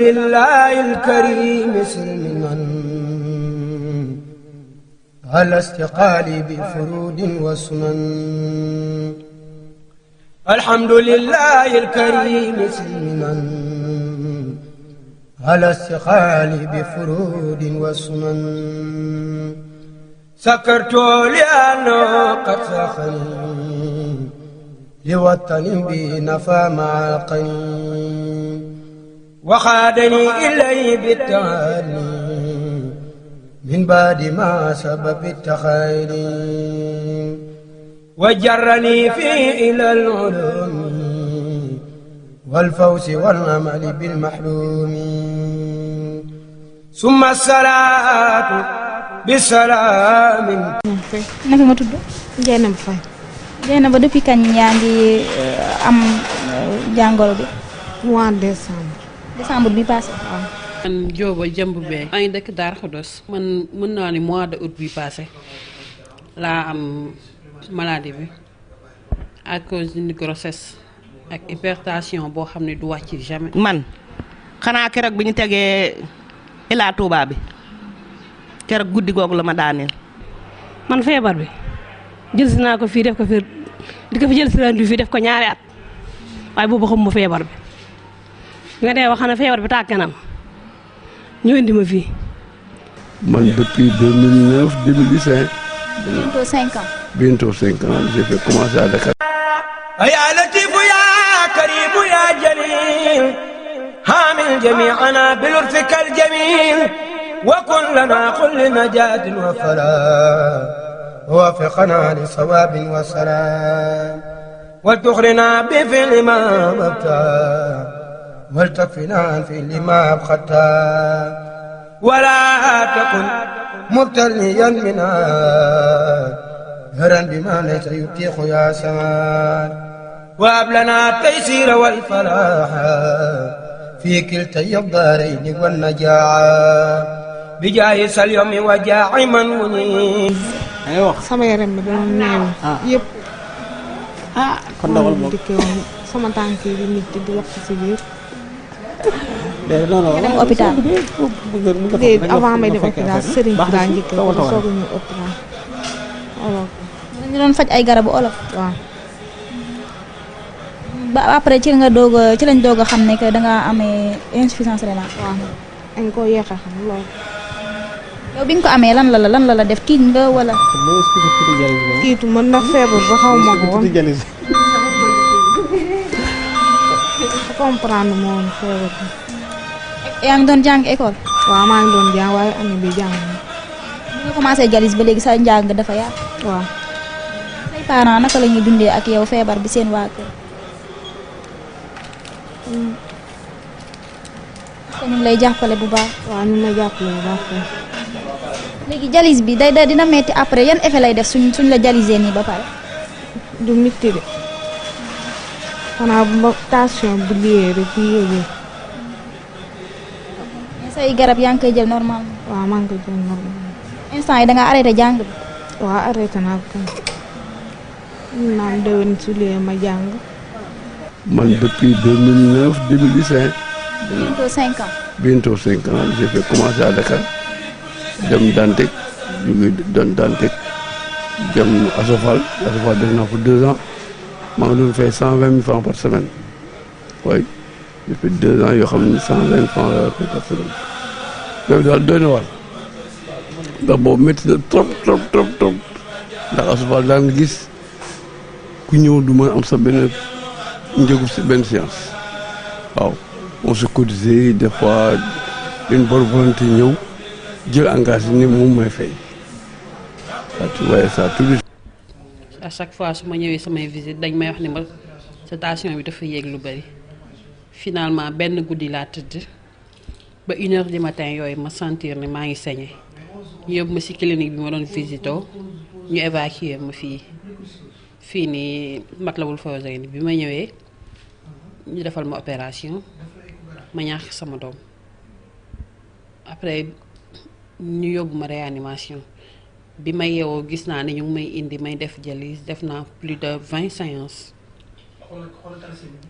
لله الكريم سلما على استقالي بفرود وسنن الحمد لله الكريم سلما على استقالي بفرود وسنن سكرت لأنه قد سخني لوطن بي نفى مع القنين waxaadani ilay bitaani min baadi ma sababi taxayri wa jarrani fi ilal ulumi wal fawsi wal amali bil mahrumi summa salaatu bi salaamin. naka nga tudd. Dieynaba Faye. Dieynaba depuis kañ yaa ngi eh, am eh, jàngoro bi. mois de décembre. décembre bi passé waaw. man jëmb bee. maa ngi dëkk Darou Khoudoss. man mën naa ni mois de août bi passé laa am maladie bi à cause d'une grossesse ak hypertension boo xam ne du wàcc jamais. man xanaa keroog bi ñu tegee Ila Touba bi keroog guddi googu la ma daaneel. man feebar bi jël naa ko fii def ko fi di ko fi jël si ren def ko ñaari at waaye boobu xam ma feebar bi. nga dee wax na feebar bi tàgg kanam ñu indi ma fii. man depuis 2009 2015. bientôt 5 ans. bientôt 5 ans j'ai fait commencer à Dakar. yaa latifu yaa karimu yaa jalil haamil jamiana bi lutfika al jamil wa kun lana kulli najaatin wa falaa wafiqna li sawaabin wa salaam wa tuxrina bi fil ma ولتكفنا عن فعل ما أبختا ولا تكن مبتليا منها هرا بما ليس يتيح يا سمان وهب لنا التيسير والفلاح في كلتي الدارين والنجاعة بجاهس اليوم وجاع من ونيس aywa sama yaram bi doon naaw. ah yëpp. ah kon dawal boobu dikkee woon sama tànk yi di nit di wax ci biir. non non dem hôpital déedéet avant may dem hôpital sëriñ laa njëkk soog ñu hôpital olof ñu ay garabu olof waaw ba après ci nga doog ci lañ doog a xam ne que da ngaa amee insuffisance rénale waaw dañ koo yéex a xam bi nga ko amee lan la la lan la la def tiit nga wala tiitu mën na feebar ba xaw ma ko woon comprendre e e ma woon foofu. yaa ngi doon jàng école. waaw maa ngi doon jàng waaye année bi jàng na. ba léegi sa njàng dafa yàq. waaw. say parents dundee ak yow feebar bi seen waa kër. Mm. te ñu ngi lay jàppale bu baax. waaw ñu ngi lay jàppale bu baax. léegi jalis bi day day dina metti après yan effet lay def suñ suñ la jalisee nii ba pare. du metti de. xanaa bu ma tension bu liyee rek bu yéegee. garab yaa ngi jël normal. waaw maa ngi koy jël normal. instant yi da nga arrêté jàng bi. waaw arrêté naa ko tamit naan déwén su liyee ma jàng. man commencer à Dakar dem Dantec jóge doon Dantec dem Asofal def naa fa 2 ans. maa ngi doon fay cent vingt mille francs par semaine waaye depuis deux ans yoo xam ne cent vingt mille par semaine loolu daal doy na waar ndax boobu métti na trop trop trop trop ndax asufaal daal nga gis ku ñëw du mën am sa benn njëgu si benn séance waaw on se cotisait des fois une bonne volonté ñëw jël engagé ni moom mooy fay waaye ça tout à chaque fois su ma ñëwee samay visite dañ may wax ni ma sa bi dafa yéeg lu bari finalement benn guddi laa tëdd ba une heure matin yooyu ma sentir ne maa ngi sañe ñu yóbbu ma ci clinique bi ma doon visito ñu évacuer ma fii fii nii Matlaboul Fawzayni bi ma ñëwee ñu defal ma opération ma ñàkk sama doom après ñu yóbbu ma réanimation bi may yeewoo gis naa ne ñu may indi may def dialyse def naa plus de vingt séances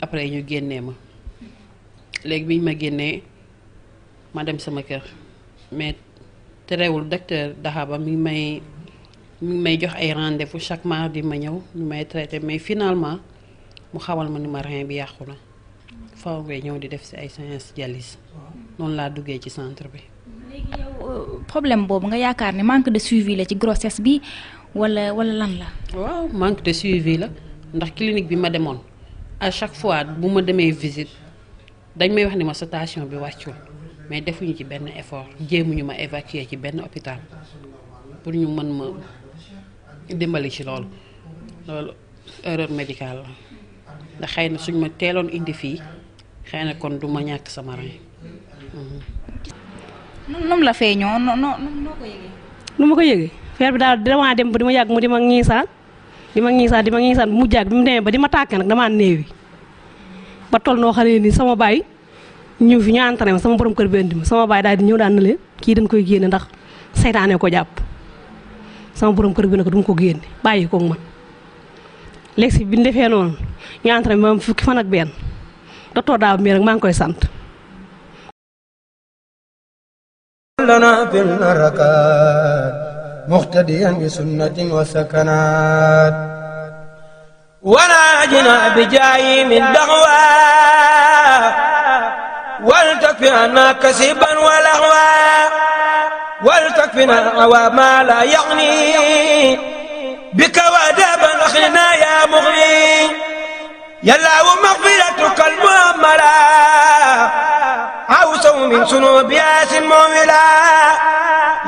après ñu génnee ma léegi biñ ma génnee ma dem sama kër mais terewul docteur Dahaba mi ngi may mi may jox ay rendez chaque chaque di ma ñëw ñu may traité mais finalement mu xamal ma ni ma rein bi yàqu na faaw ngay ñëw di def si ay séances dialyse noonu laa duggee ci centre bi. léegi euh, problème boobu nga yaakaar ne manque de suivi la ci grossesse bi wala wala lan la. waaw manque de suivi la ndax clinique bi ma demoon à chaque fois bu ma demee visite dañ may wax ni ma station bi wàccul mais defuñu ci benn effort ñu ma évacuer ci benn hôpital pour ñu mën ma dimbali ci loolu loolu erreur médical la ndax xëy na suñ ma teeloon indi fii xëy na kon du ma ñàkk sama rein. Mhm. num la feeñoo noo noo ko yëgee. nu ma ko yëgee feer bi daal damaa dem ba di ma yàgg mu di ma ñiisaan di ma ñiisaan di ma ñiisaan mu jàgg bi mu demee ba di ma tàkk nag damaa néewi ba toll noo xam nii sama baay ñëw fi ñu entraîné sama borom kër bi indi ma sama baay daal di ñëw daan na kii dañ koy génne ndax saytaane ko jàpp sama borom kër bi nag du ma ko génne bàyyi koog man léegi si bi ñu defee noonu ñu entraîné ma fukki fan ak benn docteur daa mi rek maa ngi koy sant. لنا في الحركات مقتديا بسنة وسكنات وناجنا بجاي من دعوى ولتكفنا كسبا ولهوا ولتكفنا عوام لا يغني بك ودابا أخينا يا مغني يا الله مغفرتك المؤمرة أوسع من سنوب ياس مولا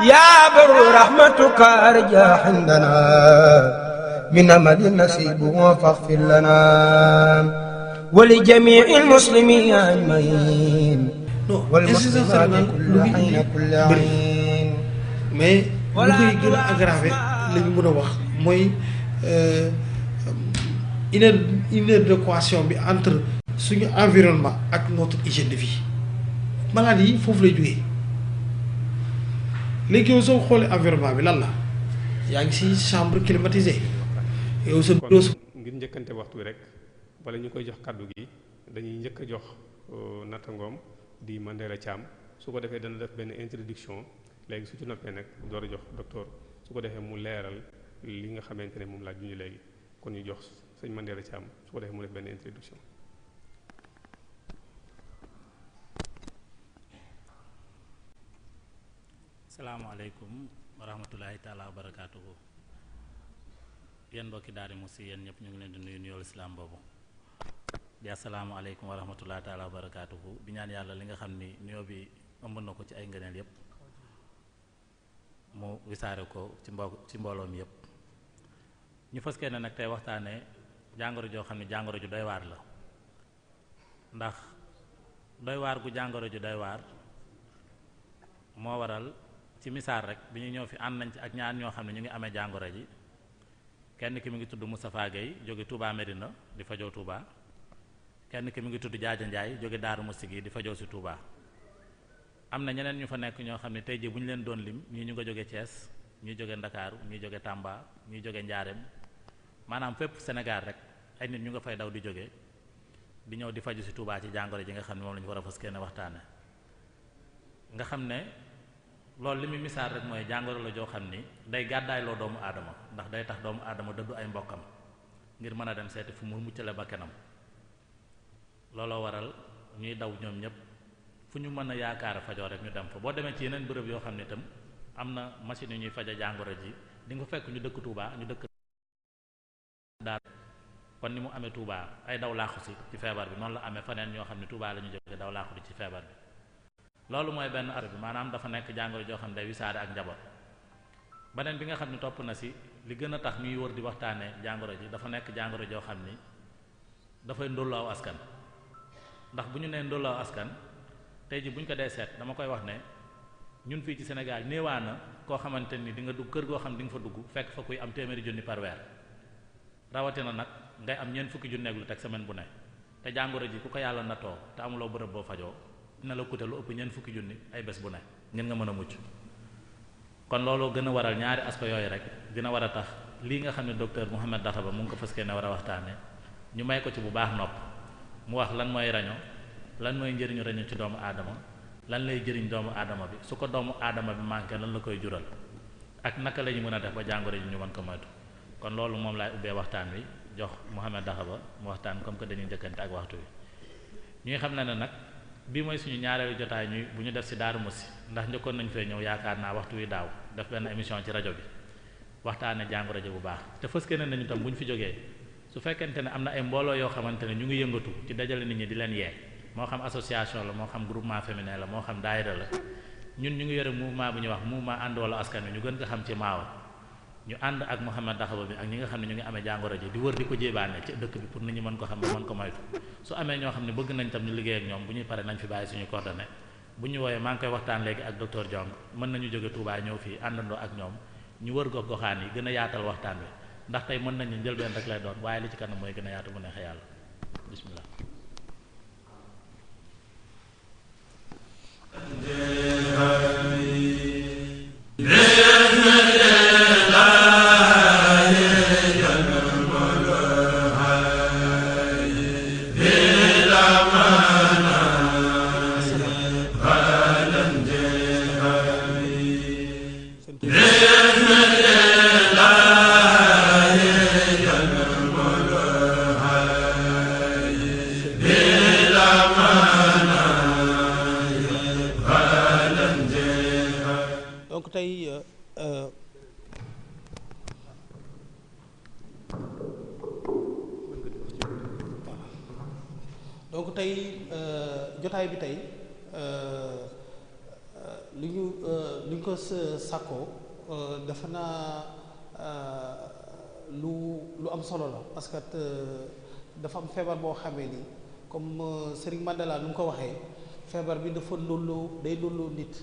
يا بر رحمتك أرجى عندنا من أمل نسيب فاغفر لنا ولجميع المسلمين أجمعين والمسلمات كل حين كل عين mais lu koy gën a aggravé la ñu mën a wax mooy inadéquation bi entre suñu environnement ak notre hygiène de vie malade yi foofu lay jógee léegi yow soo xoolee environnement bi lan la yaa ngi si chambre climatisée yow sa bureau ngir njëkkante waxtu wi rek wala ñu koy jox kàddu gi dañuy njëkk a jox euh, nattangoom di Mandela Thiam su ko defee dana def benn introduction léegi su ci noppee nag door a jox docteur su ko defee mu leeral li nga xamante ne moom laaj ju ñu léegi kon ñu jox sëñ Mandela Thiam su ko defee mu def benn introduction salaamaaleykum wa rahmatulahi taala wa barakaatuhu yéen mbokki daari mu si yéen ñëpp ñu ngi leen di nuyu nuyoo lislaam boobu di asalaamaaleykum wa rahmatulahi taala wa barakaatuhu ñaan yàlla li nga xam ni nuyoo bi ëmb na ko ci ay ngëneel yëpp mu wisaare ko ci mbo ci mbooloom mi yëpp ñu fas yéene nag tey waxtaane jàngoro joo xam ne jàngoro ju doy waar la ndax doy waar gu jàngoro ju doy waar moo waral ci misaal rek bi ñu ñëw fi ànd nañ ci ak ñaar ñoo xam ne ñu ngi amee jàngoro ji kenn ki mu ngi tudd Moustapha Guèye jóge Touba Medina di fajoo Touba kenn ki mu ngi tudd Jaaja Njaay jóge Daaru Musti gi di fajoo si Touba am na ñeneen ñu fa nekk ñoo xam ne tey jii bu ñu leen doon lim ñii ñu nga jóge Thiès ñuy jóge Ndakaaru ñuy jóge Tamba ñuy jóge Njaareem maanaam fépp Sénégal rek ay nit ñu nga fay daw di jóge di ñëw di faju si Touba ci jàngoro ji nga xam ne moom la ñu war a fas kenn waxtaane nga xam ne loolu li muy misaal rek mooy jàngoro la joo xam ni day gàddaayloo doomu aadama ndax day tax doomu aadama dëddu ay mbokkam ngir mën a dem seeti fu mu muccale bakkanam looloo waral ñuy daw ñoom ñëpp fu ñu mën a yaakaar fajoo rek ñu dem fa boo demee ci yeneen bërëb yoo xam ne itam am na machine yu ñuy faja jàngoro ji di nga fekk ñu dëkk tuubaa ñu dëkk daal kon ni mu amee Touba ay daw laaxu si ci feebar bi noonu la amee faneen ñoo xam ne Touba la ñu jóge daw laaxu bi ci feebar loolu mooy benn ar bi maanaam dafa nekk jàngoro joo xam ne day wisaare ak njaboot beneen bi nga xam ne topp na si li gën a tax ñuy wër di waxtaanee jàngoro ji dafa nekk jàngoro joo xam ni dafay ndollaaw askan ndax bu ñu nee ndollaaw askan tey ji bu ñu ko dee seet dama koy wax ne ñun fii ci Sénégal néewaa na koo xamante ni di nga dugg kër goo xam ne di nga fa dugg fekk fa kuy am téeméeri junni par weer rawatina nag ngay am ñeent fukki ju junneeg lu teg semaine bu ne te jàngoro ji ku ko yàlla natoo te amuloo bërëb boo fajoo dina la coûter lu ëpp ñeent fukki junni ay bés bu ne ngeen nga mën a mucc kon loolu gën waral ñaari aspect yooyu rek dina war a tax lii nga xam ne docteur Mouhamed Daxaba mu ngi ko fëskee ne war a waxtaanee ñu may ko bu baax nopp mu wax lan mooy raño lan mooy njëriñu raño ci doomu aadama lan lay jëriñ doomu aadama bi su ko doomu aadama bi manqué lan la koy jural ak naka la ñu mën a def ba jàngoro ji ñu mën ko moytu kon loolu moom laay ubbee waxtaan wi jox Mouhamed Daxaba mu waxtaan comme que dañuy njëkkante ak waxtu wi ñuy xam ne nag. bii mooy suñu ñaareelu jotaay ñuy bu ñu def ci Darou Moukhty ndax njëkkoon nañ fee ñëw yaakaar naa waxtu wi daaw def benn émission ci rajo bi waxtaane jàngoro rajo bu baax te fës keneen nañu tam bu ñu fi jógee su fekkente ne am na ay mbooloo yoo xamante ne ñu ngi yëngatu ci dajale nit ñi di leen yee moo xam association la moo xam groupement féminin la moo xam daayira la ñun ñu ngi yore mouvement bu ñuy wax mouvement ànd walla askan wi ñu gën ko xam ci maawa ñu ànd ak Mouhamed Daxaba bi ak ñi nga xam ne ñu ngi amee jàngoro ji di wër di ko jébaane ci dëkk bi pour nit ñi mën ko xam ne mën ko moytu su amee ñoo xam ne bëgg nañ tam ñu liggéey ak ñoom bu ñuy pare nañ fi bàyyi suñu coordonnées bu ñu wooyee maa ngi koy waxtaan léegi ak docteur Diong mën nañu jóge Touba ñëw fii àndandoo ak ñoom ñu wër gox goxaan yi gën a yaatal waxtaan wi ndax tey mën nañu njëlbeen rek lay doon waaye li ci kanam mooy gën a yaatu bu neexee yàlla bismillah ko sàkkoo euh, dafa naa euh, lu lu am solo la parce que euh, dafa am feebar boo xamee ni comme Serigne Mandela nu mu ko waxee feebar bi dafa lullu day lullu nit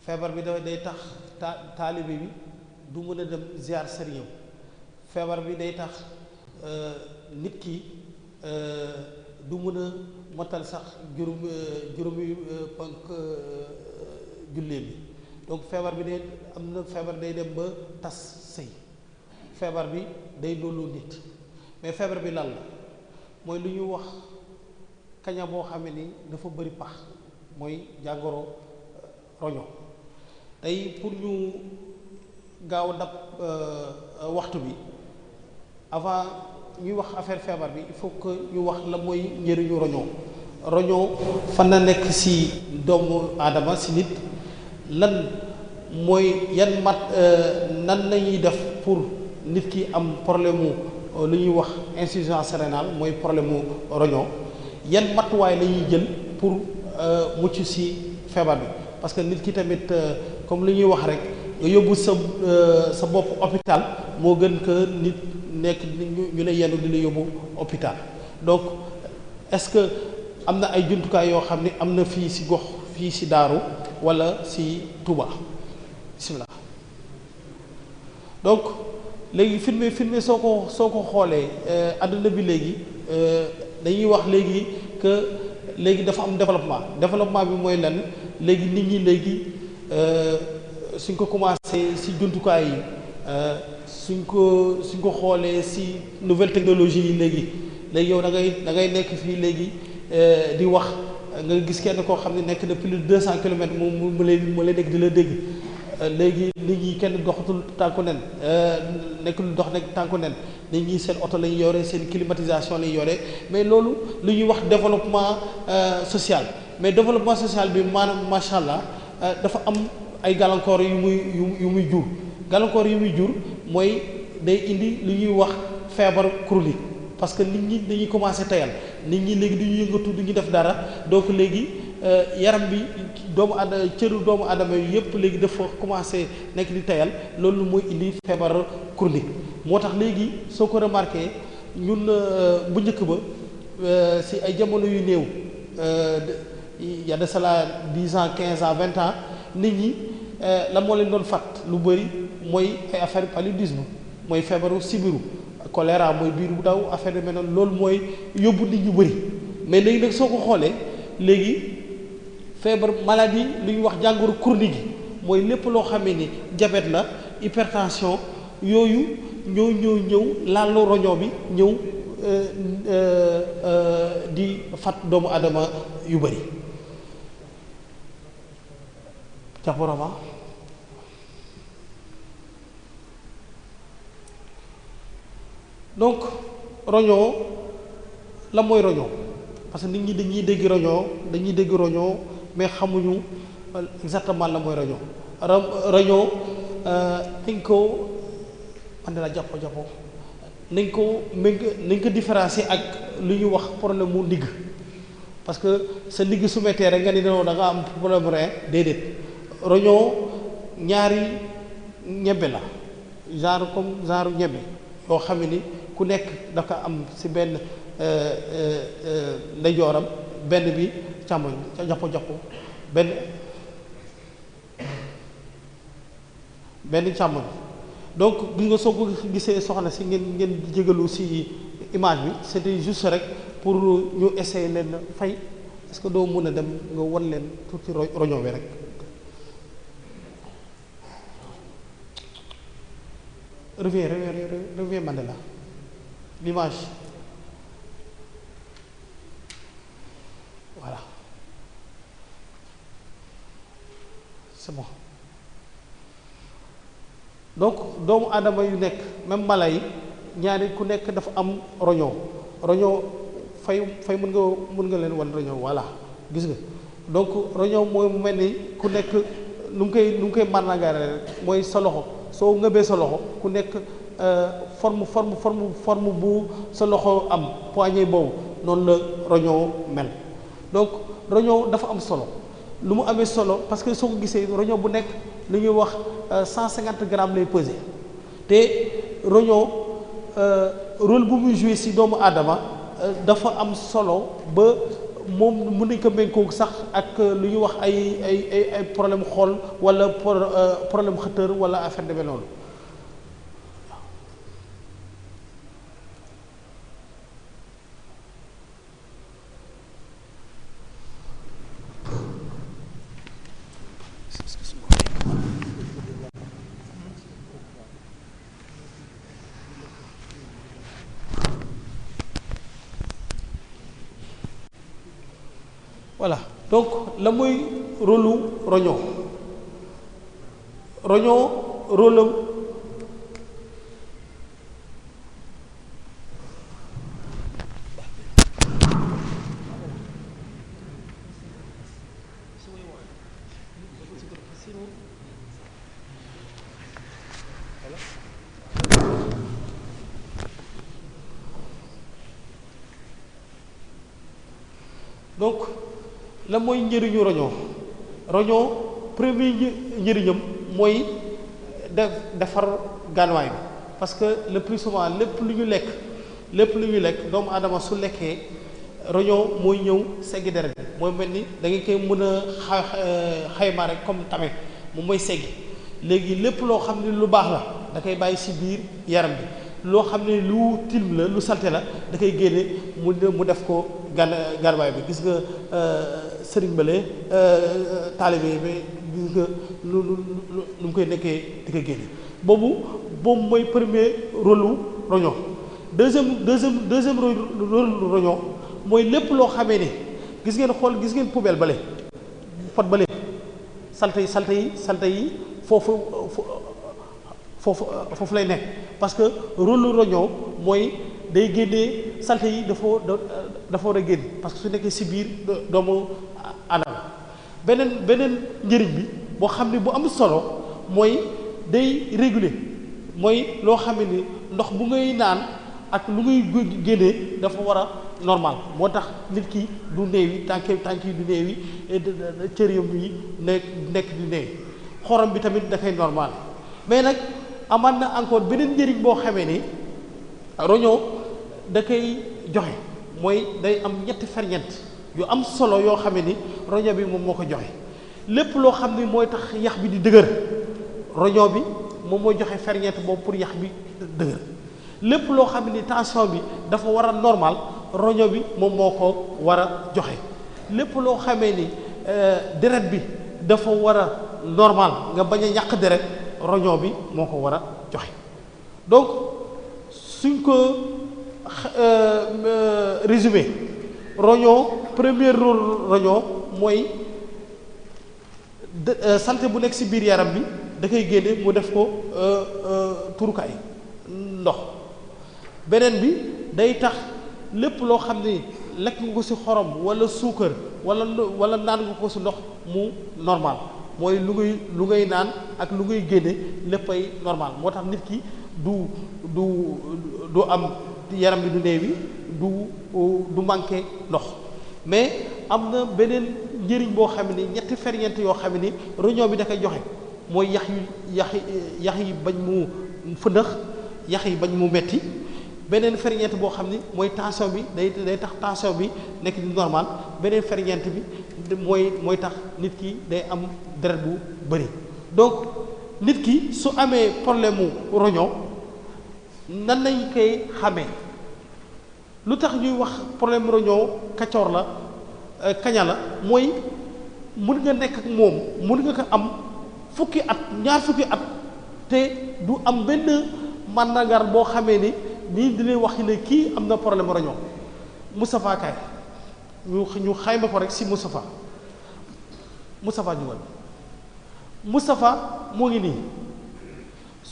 feebar bi dafa day tax ta bi du mën a dem ziar sëriñam feebar bi day tax nit ki du mën a motal sax juróom juróomi ponk jullee bi donc feebar bi de am na feebar day dem ba tas sëy feebar bi day dollu nit mais feebar bi lan la mooy lu ñu wax kaña boo xamee ni dafa bëri pax mooy jàngoro euh, roño tey pour ñu gaaw dab euh, waxtu bi avant ñuy wax affaire feebar bi il faut que ñu wax la mooy njëriñu roño roño fan na nekk ci doomu aadama ci nit lan mooy yan mat euh, nan lañuy def pour nit ki am problème mu euh, lu ñuy wax insuffisance rénale mooy problème mu roño yan matuwaay la ñuy jël pour euh, mucc ci feebar bi parce que nit ki tamit comme lu ñuy wax rek nga yóbbu sa sa bopp hôpital moo gën que nit nekk ñu lay yendu di la yóbbu hôpital donc est-ce que am na ay jumtukaay yoo xam ne am na fii si gox fii si daaru wala si Touba bisimilah donc léegi film film soo ko soo ko xoolee euh, àdduna bi léegi euh, dañuy wax léegi que léegi dafa am développement développement bi mooy lan léegi nit ñi léegi euh, suñ ko commencé si jumtukaay yi suñ ko suñ ko xoolee si nouvelle technologie yi léegi léegi yow da ngay da ngay nekk fii léegi di wax. nga gis kenn koo xam ne nekk na plus de deux cent kilomètres mu mu lay mu lay nekk di la dégg euh, léegi nit ñi kenn doxatul tànku nen euh, nekk lu dox nekk tànku nen nit ñi seen oto lañ yore seen climatisation lañ yore mais loolu lu ñuy wax développement euh, social mais développement social bi maanaam macha allah dafa am ay gàllankoor yu muy yu muy jur gàllankoor yu muy jur mooy day indi lu ñuy wax feebar chronique parce que nit ñi dañuy commencé tayal nit ñi léegi duñu yëngatu duñu def dara donc léegi euh, yaram bi doomu aadama cëru doomu aadama yi yëpp léegi dafa commencé nekk di tayal loolu mooy indi feebar chronique moo tax léegi soo ko remarqué ñun euh, bu njëkk ba euh, si ay jamono yu néew y a de cela quinze ans vingt ans nit ñi la moo leen doon fàtt lu bëri mooy ay affaire paludisme mooy feebaru sibiru choléra mooy biir bu daw affaire yu loolu mooy yóbbu nit ñu bëri mais léegi nag soo ko xoolee léegi feebar maladie lu ñuy wax jàngoro chronique gi mooy lépp loo xamee ni jabet la hypertension yooyu ñëw ñëw ñëw laalu roñoo bi ñëw euh, euh, euh, di fat doomu adama yu bëri. donc roñoo la mooy roñoo parce que nit ñi dañuy dégg roñoo dañuy dégg roñoo mais xamuñu euh, exactement la mooy roñoo ra roñoo dañ euh, ko man de la jàppo jàppo nañ ko méng nañ ko différencier ak lu ñu wax problème mu ndigg parce que sa ndigg su mettee rek nga ni da nga am problème rein déedéet roñoo ñaari ñebe la genre comme genre ñebe yoo xam ni ku nekk dafa am si benn euh, euh, euh, ndeyjooram benn bi càmmoñ jàppo jàppo benn benn càmmoñ donc bi nga soo ko gisee soxna si ngeen ngeen jégalu si image bi c'était juste rek pour ñu essayer leen fay est que doo mën a dem nga won leen tuuti roño bi rek reviens reviens reviens Mandela l'image voilà c'est donc doomu aadama yu nekk même mala yi ñaari ku nekk dafa am roñoo roñoo fay fay mun nga mën nga leen wan roñoo voilà gis nga donc roñoo mooy mu mel ni ku nekk lu ngi koy lu ngi koy mànnaagaare rek mooy sa loxo soo ngëbee sa loxo ku nekk Euh, forme forme forme form bu sa loxo am poignée boobu noonu la roñoo mel donc roñoo dafa am solo lu mu amee solo parce que soo ko gisee roñoo bu nekk lu ñuy wax euh, cent cinquante gramme lay pesé te roñoo euh, rôle bu muy joué ci doomu aadama dafa am solo ba moom mu nañ ko méngoo sax ak lu ñuy wax ay ay ay ay problème xool wala problème xëtër wala affaire demee loolu voilà donc la muy rôlu roño roño rôle la mooy njëriñu roñoo roñoo premier njëriñam mooy def defar gaanuwaay parce que le plus souvent lépp lu ñu lekk lépp lu ñu lekk doomu aadama su lekkee roñoo mooy ñëw seggi deret bi mooy mel ni da nga koy mën a xayma rek comme tame moom mooy seggi léegi lépp loo xam ne lu baax la da koy bàyyi si biir yaram bi loo xam ne lu tilim la lu salte la da koy génne mu def ko gan garbaay bi gis nga euh, sëriñ bële euh, euh, taalibe bi gis nga lu lu lu mu koy nekkee di ko boobu boobu mooy premier rôle lu roño deuxième deuxième deuxième rôle lu roño mooy lépp loo xamee ne gis ngeen xool gis ngeen poubelle bale pot bale salte yi salte yi salte yi foofu foofu foofu lay nekk parce que rôle lu roño mooy day génnee salte yi dafa dafa war a génn parce su nekkee si biir doomu alal beneen beneen njëriñ bi boo xam ne bu am solo mooy day réguler mooy loo xam ne ni ndox bu ngay naan ak lu ngay génnee dafa war a normal moo tax nit ki du néew yi tànk tànk yi du néew yi cër yi nekk nekk du néew xorom bi tamit dafay normal mais nag amaat na encore beneen njëriñ boo xamee ni roñoo da koy joxe mooy day am ñetti ferñeent yu am solo yoo xam ni roño bi moom moo ko joxe lépp loo xam ni mooy tax yax bi di dëgër roño bi moom mooy joxe ferñeent boobu pour yax bi dëgër lépp loo xam ni tension bi dafa war a normal roño bi moom moo ko war a joxe lépp loo xamee ni euh, deret bi dafa war a normal nga bañ a ñàq deret roño bi moo ko war a joxe donc suñ ko euh, euh, résumé roñoo premier rôle roñoo mooy euh, saleté bu nekk ci biir yaram bi da koy génne mu def ko euh, euh, turukaay ndox beneen bi day tax lépp loo xam ne lekk nga ko ci xorom walla suukar walla walla naan nga ko ci ndox mu normal mooy lu ngay lu ngay naan ak lu ngay génne léppay normal moo tax nit ki du du du am yaram bi du néewi du euh, du manqué ndox mais am na beneen njëriñ boo xam ni ñetti ferñeent yoo xam ni réunion bi da koy joxe mooy yax yu yax yax yi bañ mu fëndëx yax yi bañ mu metti beneen ferñeent boo xam ne mooy tension bi day day tax tension bi nekk di normal beneen ferñeent bi mooy mooy tax nit ki day am deret bu bëri donc nit ki su amee problème mu roño nan lañ koy xamee lu tax ñuy wax problème roñoo kacoor la euh, kaña la mooy mën nga nekk ak moom mën nga ko am fukki at ñaar fukki at te du am benn mànnagar boo xamee ni nii di lay wax ne kii am na problème roñoo Moustapha Kay ñu xayma ko rek si Moustapha Moustapha ñu wal moo ngi nii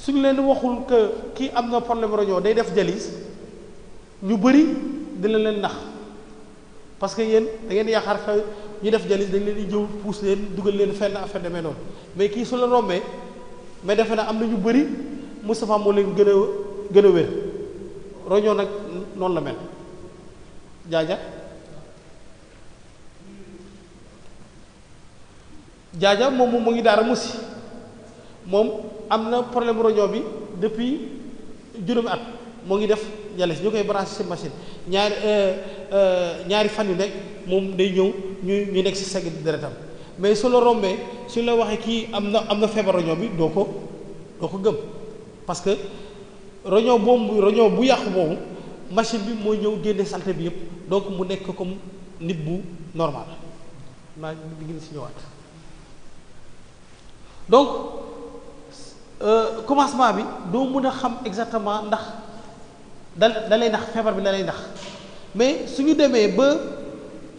suñ leen waxul que kii am na problème roñoo day def jalis ñu bëri dina leen nax parce que yéen da ngeen yaakaar que ñu def jalis dañ leen di jëw puus leen dugal leen fenn affaire demee noonu mais kii su la rombee mais defe naa am na ñu bëri Moustapha moo leen gën a gën a wér roñoo nag noonu la mel jaaja jaaja moom moom mu ngi daara musi moom am na problème roño bi depuis juróomi at moo ngi def dialyse ñu koy branché si machine ñaari euh, euh, ñaari fan yu nekk moom day ñëw ñu ñu nekk si segg deretam mais su la rombee su la waxee kii am na am na feebar roño bi doo ko ko gëm parce que roño boobu roño bu yàqu boomu machine bi mooy ñëw génne saleté bi yëpp donc mu nekk comme nit bu normal maa ngi si ñëwaat donc Euh, commencement bi doo mën a xam exactement ndax da da lay ndax feebar bi da lay ndax mais ñu demee ba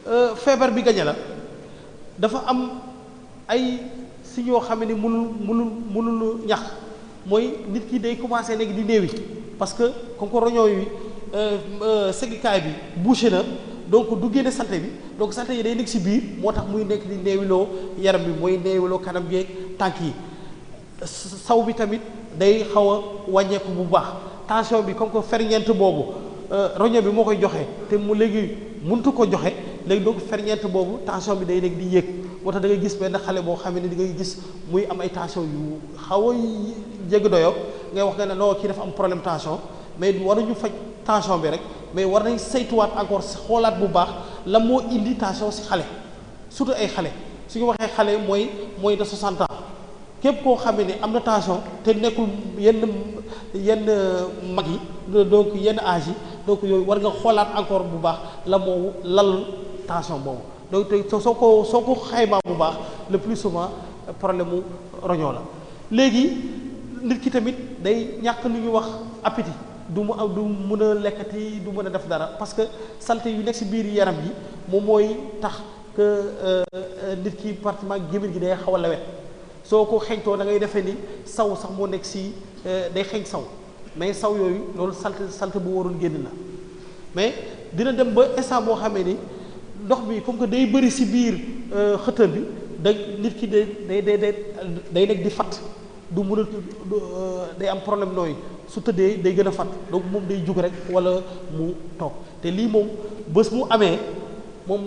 euh, feebar bi gañe la dafa am ay si ñoo xam ne mënul mënul mënul ñax mooy nit ki day commencé léegi di néew parce que comme ko roñoo yi euh, seggikaay bi bouché na donc du génne santé bi donc santé yi day nekk si biir moo tax muy nekk di néewiloo yaram bi mooy néewiloo kanam geeg tànk yi saw bi tamit day xaw a wàññeeku bu baax tension bi comme que ferñeent boobu euh, roño bi moo koy joxe te mu léegi muntu ko joxe léegi donc ferñeent boobu tension bi day nekk di yéeg moo tax da ngay gis benn xale boo xam ne di ngay gis muy am ay tension yu xaw a jeg doyo ngay wax nga ne non kii dafa am problème tension mais waruñu faj tension bi rek mais war nañ saytuwaat encore xoolaat bu baax la moo indi tension si xale surtout ay xale su ñu waxee xale mooy mooy de 60 képp koo xamee ne am na tension te nekkul yenn yenn mag yi donc yenn âge yi donc yooyu war nga xoolaat encore bu baax la moo lal tension boobu donc te soo ko soo ko xaymaa bu baax le plus souvent problème mu roñoo la léegi nit ki tamit day ñàkk lu ñu wax appétit du mu am du mun a lekkati du mën a def dara parce que saleté yu nekk si biir yaram yi moom mooy tax que euh, euh, nit ki pratiquement gémmiñ gi day xaw a lawet soo ko xeñtoo da ngay defee ni saw sax moo nekk si eh, day xeñ saw mais saw yooyu loolu salte salte bu waroon génn la mais dina dem ba instant boo xamee ni ndox bi comme que day bëri si biir euh, xëtër bi da nit ki day day day day nekk di fat du mën a euh, day am problème nooyu su tëddee day gën a fat donc moom day jug rek wala mu toog te lii moom bés mu amee moom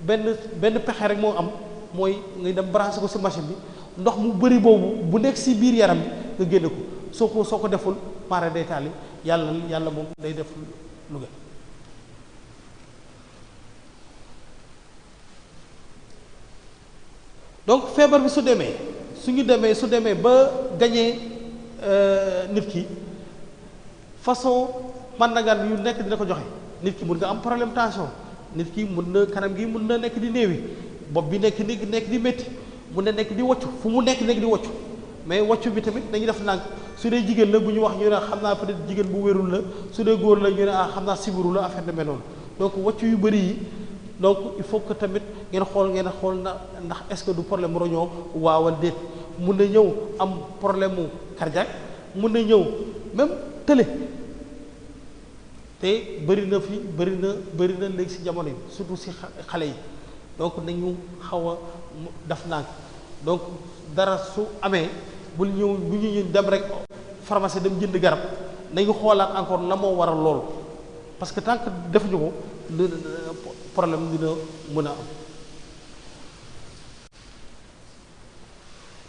benn benn pexe rek moo am mooy ngay dem branché ko si machine bi ndox mu bëri boobu bu nekk si biir yaram bi nga génne ko soo ko soo ko deful mara day taali yàlla yàlla moom day def lu donc feebar bi su demee su ñu demee su demee ba gañee euh, nit ki façon màndangaan yu nekk dina ko joxe nit ki mun nga am problème tension nit ki mun na kanam gi mun na nekk di néewi bopp bi nekk ki nekk di metti bu ne nekk di waccu fu mu nekk nekk di waccu mais waccu bi tamit dañuy def ndànk su dee jigéen la bu ñu wax ñu ne xam naa peut-être jigéen bu wérul la su dee góor la ñu ne ah xam naa sibiru la affaire de mel donc waccu yu bëri yi donc il faut que tamit ngeen xool ngeen xool na ndax est-ce que du problème roñoo waawal déet mun na ñëw am problème mu cardiaque mun na ñëw même tële te bëri na fi bëri na bëri na léegi si jamono yi surtout si xale yi donc nañu xaw a def ndànk donc dara su amee bul ñëw bu ñu ñu dem rek pharmacie dem jënd garab nañu xoolaat encore la moo waral loolu parce que tànk que defuñu ko problème dina mën a am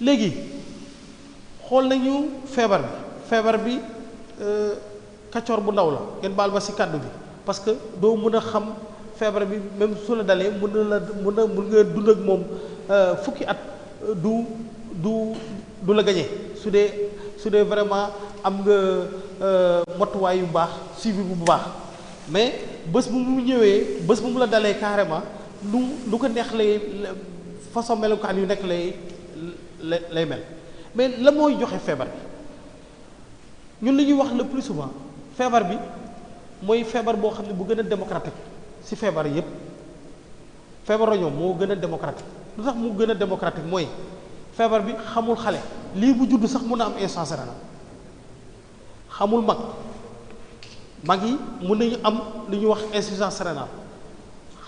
léegi xool nañu feebar bi feebar bi euh, kacoor bu ndaw la ngeen baal ma ci kàddu bi parce que doo mën a xam feebar bi même su la dalee mën na la mën na mën nga dund ak moom euh, fukki at euh, du du du la gañe su dee su dee vraiment am nga euh, motuwaay yu baax suivi bu baax mais bés bu mu ñëwee bés bu mu la dalee carrément lu lu ko neex lay façon melukaan yu nekk lay lay mel mais la mooy joxe feebar bi ñun li ñuy wax la plus souvent feebar bi mooy feebar boo xam ne bu gën a démocratique ci feebar yépp feebar roño moo gën a démocratique lu tax mu gën a démocratique mooy feebar bi xamul xale lii bu judd sax mun a am insuffisance rénale xamul mag mag yi mun nañu am lu ñuy wax insuffisance rénale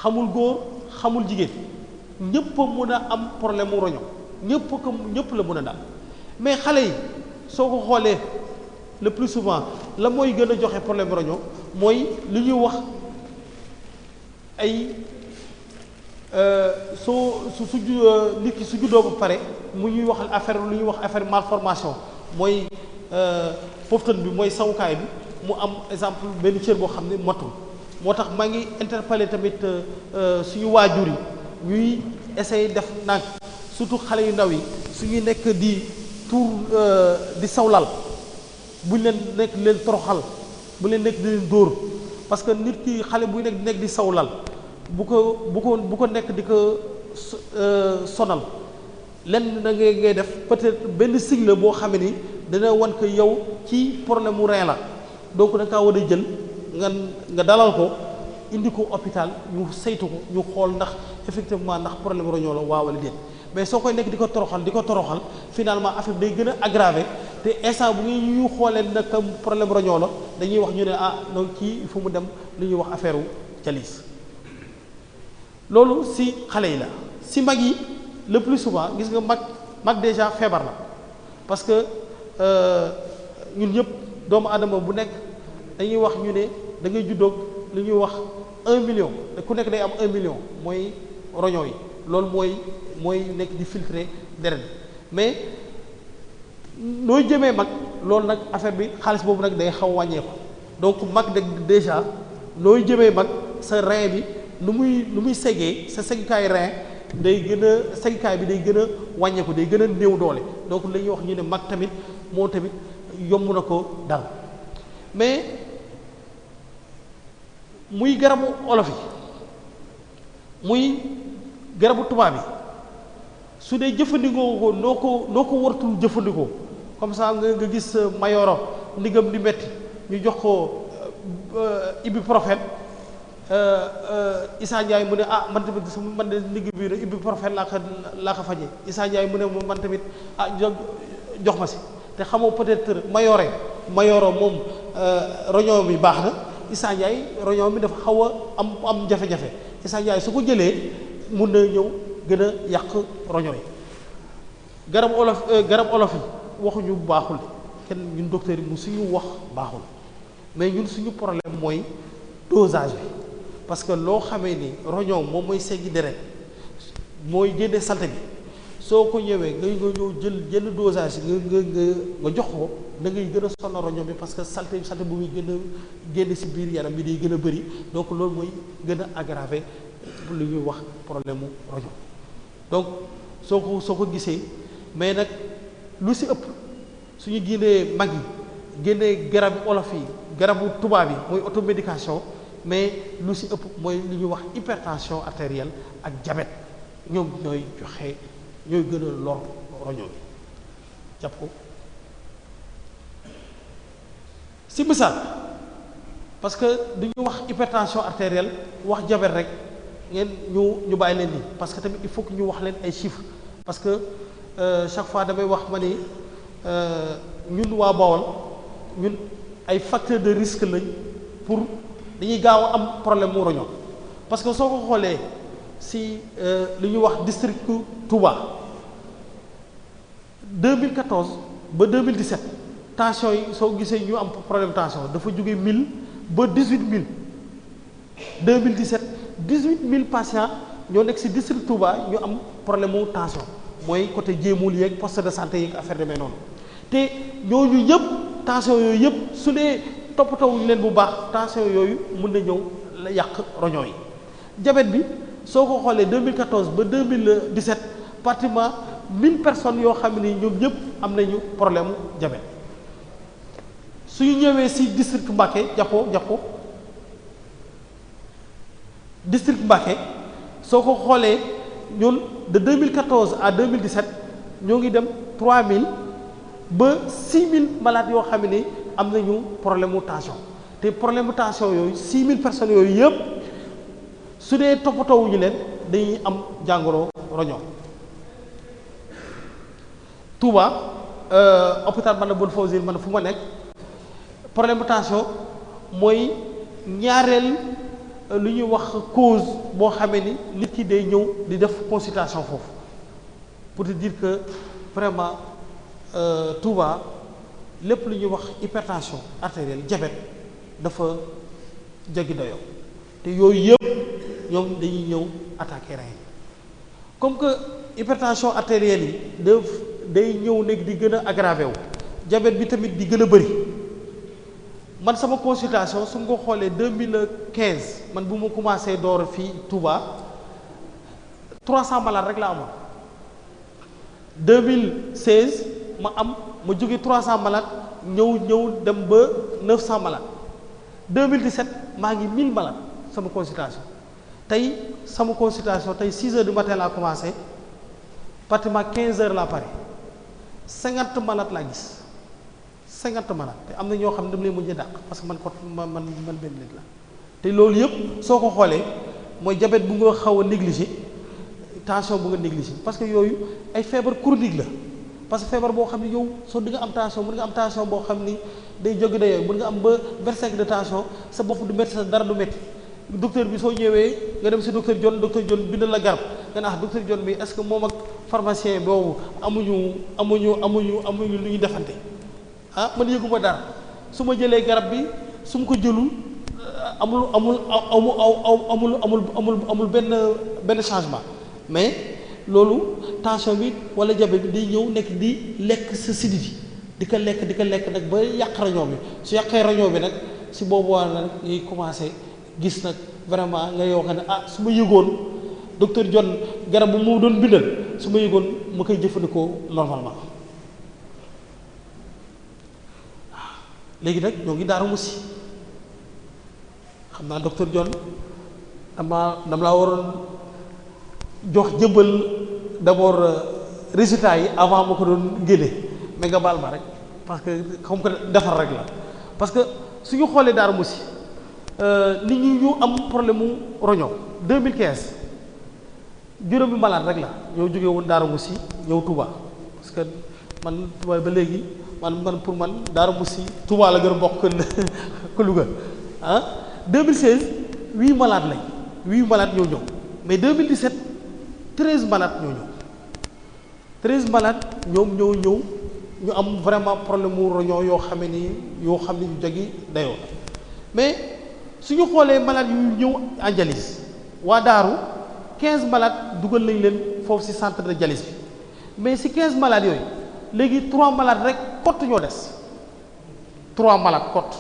xamul góor xamul jigéen ñépp a mun a am problème mu roño ñépp ko ñépp la mun a daal mais xale yi soo ko xoolee le plus souvent la mooy gën a joxe problème roño mooy li ñuy wax ay euh, soo su su euh, nit ki su juddoo ba pare mu ñuy wax affaire lu ñuy wax affaire formation mooy euh, poftan bi mooy sawukaay bi mu am exemple benn cër boo xam ne motul moo tax maa ngi interpeller tamit suñu waajur yi ñuy essayer def nag surtout xale yu ndaw yi suñuy nekk di tour di sawlal buñ leen nekk leen toroxal bu leen nekk di leen dóor parce que nit ki xale buy nekk di nekk di sawlal bu ko bu ko bu ko nekk di ko euh, sonal lenn na ngay ngay def peut benn signe boo xam ni dana wan ko yow ci problème mu ree la donc da nga kaa war a jël nga nga dalal ko indi ko hôpital ñu saytu ko ñu xool ndax effectivement ndax problème roñoo la waaw wala mais soo koy nekk di ko toroxal di ko toroxal finalement affaire day gën a te instant bu ngi ñu xoolee nag problème roñoo la dañuy wax ñu ne ah donc ci fu mu dem lu ñuy wax affaire u loolu si xale yi la si mag yi le plus souvent gis nga mag mag déjà feebar la parce que euh, ñun ñëpp doomu adama bu nekk dañuy wax ñu ne da ngay juddoog lu ñuy wax un million ku nekk day am un million mooy roñoo yi loolu mooy mooy nekk di filtrer deret mais nooy jëmee mag loolu nag affaire bi xaalis boobu nag day xaw wàññeeku donc mag de déjà nooy jëmee mag sa rein bi nu muy nu muy segee sa segukaay rein day gën a segukaay bi day gën a wàññeeku day gën a néew doole donc lañuy wax ñu ne mag tamit moo tamit yomb na ko dal mais muy garabu olof yi muy garabu tubaab yi su dee jëfandikoo ko noo ko noo ko wartul jëfandikoo comme ça nga nga gis euh, mayoro ndigam di metti ñu jox ko euh, ibuprofène euh, Issa Ndiaye mu ne ah man tamit sama man de ndigg bii nag ibuprofène laa ko laa ko faje Issa mu ne moom man tamit ah jox ma si te xamoo peut-être mayore mayoro moom roñoo mi baax na Issa Ndiaye roñoo mi dafa xaw a am am jafe-jafe Issa su ko jëlee mun na ñëw gën a yàq roño yi garab olof euh, garab olof yi waxuñu baaxul kenn ñun docteur yi mu suñu wax baaxul mais ñun suñu problème mooy dosage bi parce que loo xamee ni roño moom mooy seggi deret mooy génne salte bi soo ko ñëwee nga nga ñëw jël jël dosage nga nga nga nga jox ko da ngay gën a sonn roño bi parce que salte bi salte bu muy gën a génne si biir yaram bi day gën a bëri donc loolu mooy gën a aggraver lu ñuy wax problème mu roño donc soo ko soo ko gisee mais nag lu si ëpp suñu génnee mag yi génnee garabu olof yi garabu tubaab yi mooy automédication mais lu si ëpp mooy lu ñuy wax hypertension artérielle ak jabet ñoom ñooy joxe ñooy gën a lor roño bi jàpp ko si misaal parce que du ñu wax hypertension artérielle wax jabet rek ngeen ñu ñu bàyyi leen nii parce que tamit il faut que ñu wax leen ay chiffres parce que euh, chaque fois damay wax ma ni euh, ñun waa Bawol ñun ay facteurs de risque lañ pour dañuy gaaw a am problème mu roño parce que soo ko xoolee si euh, li ñuy wax district Touba 2014 ba deux mille 2017 tension yi soo gisee ñu am problème tension dafa jóge mille ba mille 18000 2017. dix-huit mille patients ñoo nekk si district Touba ñu am problème mu tension mooy côté jéemul yeeg poste de santé yeeg affaire demee noonu te ñooñu yëpp tension yooyu yëpp su dee toppatawuñu leen bu baax tension yooyu mun na ñëw la yàq roñoo yi jabet bi soo ko xoolee 2014 ba 2017 pratiquement mille personnes yoo xam ni ñoom ñëpp am nañu problème mu jabet su ñu ñëwee si district Mbacké jàppoo jàppoo district Mbacké soo ko xoolee ñun de 2014 à 2017 ñoo ngi dem 3000 ba 6000 malades yoo xam ni am nañu problème mu te problème mu tension yooyu 6000 personnes yooyu yëpp su dee toppatoowuñu leen dañuy am jàngoro roño Touba euh, hôpital man na bon fausil man fu ma nekk problème mu mooy ñaareel. lu ñuy wax cause boo xamee ni nit ki day ñëw di def consultation foofu pour te dire que vraiment euh, Touba lépp lu ñuy wax hypertension artérielle jabet dafa jagi doyo te yooyu yëpp ñoom dañuy ñëw attaque rein comme que hypertension artérielle yi daf day ñëw néeg di gën a aggravé wu diabète bi tamit di gën a bëri man sama consultation su nga ko xoolee deux mille quinze man bu ma commencé door fii Touba trois cent malades rek laa amoon deux mille seize ma am ma jóge trois cent malades ñëw ñëw dem ba neuf cent malades deux mille dix maa ngi mille malades sama consultation tey sama consultation tey six heures du matin laa commencé pratiquement quinze heures laa pare cinquante malades laa gis. cinquante malade te am na ñoo xam ne dama leen mujj dàq parce que man ko man man man benn nit la te loolu yëpp soo ko xoolee mooy jabet bu nga xaw a négligé tension bu nga négligé parce que yooyu ay feebar chronique la parce que feebar boo xam ne yow soo di nga am tension boo xam ni day jóge da yooyu am ba vingt-cinq de tension sa bopp du métti sa dara du métti docteur bi soo ñëwee nga dem si docteur John docteur John bind la garab nga ne ah docteur John bi est-ce moom ak pharmacien boobu amuñu amuñu amuñu amuñu lu ñu defante ah man yëguma dara su ma jëlee garab bi su ma ko jëlu eh, amul amul amul amul amul amul amul benn benn changement mais loolu tension bi wala jabe bi day ñëw nekk di lekk sa sidit yi di ko lekk di ko lekk nag ba yàq rañoo bi su yàqee rañoo bi nag si boobu waa nag ngay commencé gis nag vraiment nga yow xam ne ah su ma yëgoon docteur John garab bu mu doon bindal su ma yëgoon ma koy jëfandikoo normalement léegi nag ñoo ngi daaru musi xam naa docteur John dama dam laa waroon jox jëmbal d'abord euh, résultat yi avant moo ko doon génne mais nga baal ma rek parce que comme que defar rek la parce que suñu xoolee daaru musi euh, nit ñi ñu am problème mu roño 2015 juróomi malade rek la ñoo jóge woon daaru musi ñëw parce que man ba léegi man man pour man Darou Moussi Touba la gën a bokk que Louga ah 2016 huit malades lañ huit malades ñoo ñëw mais 2017 treize malades ñoo ñëw treize malades ñoom ñoo ñëw ñu am vraiment problème mu roñoo yoo xam ni yoo xam ne ñu jagi dayoo mais suñu xoolee malades yu ñëw en waa Daaru quinze malades dugal nañ leen foofu si centre de jalis bi mais si quinze malades yooyu. léegi trois malaat rek kott ñoo des trois malaat kott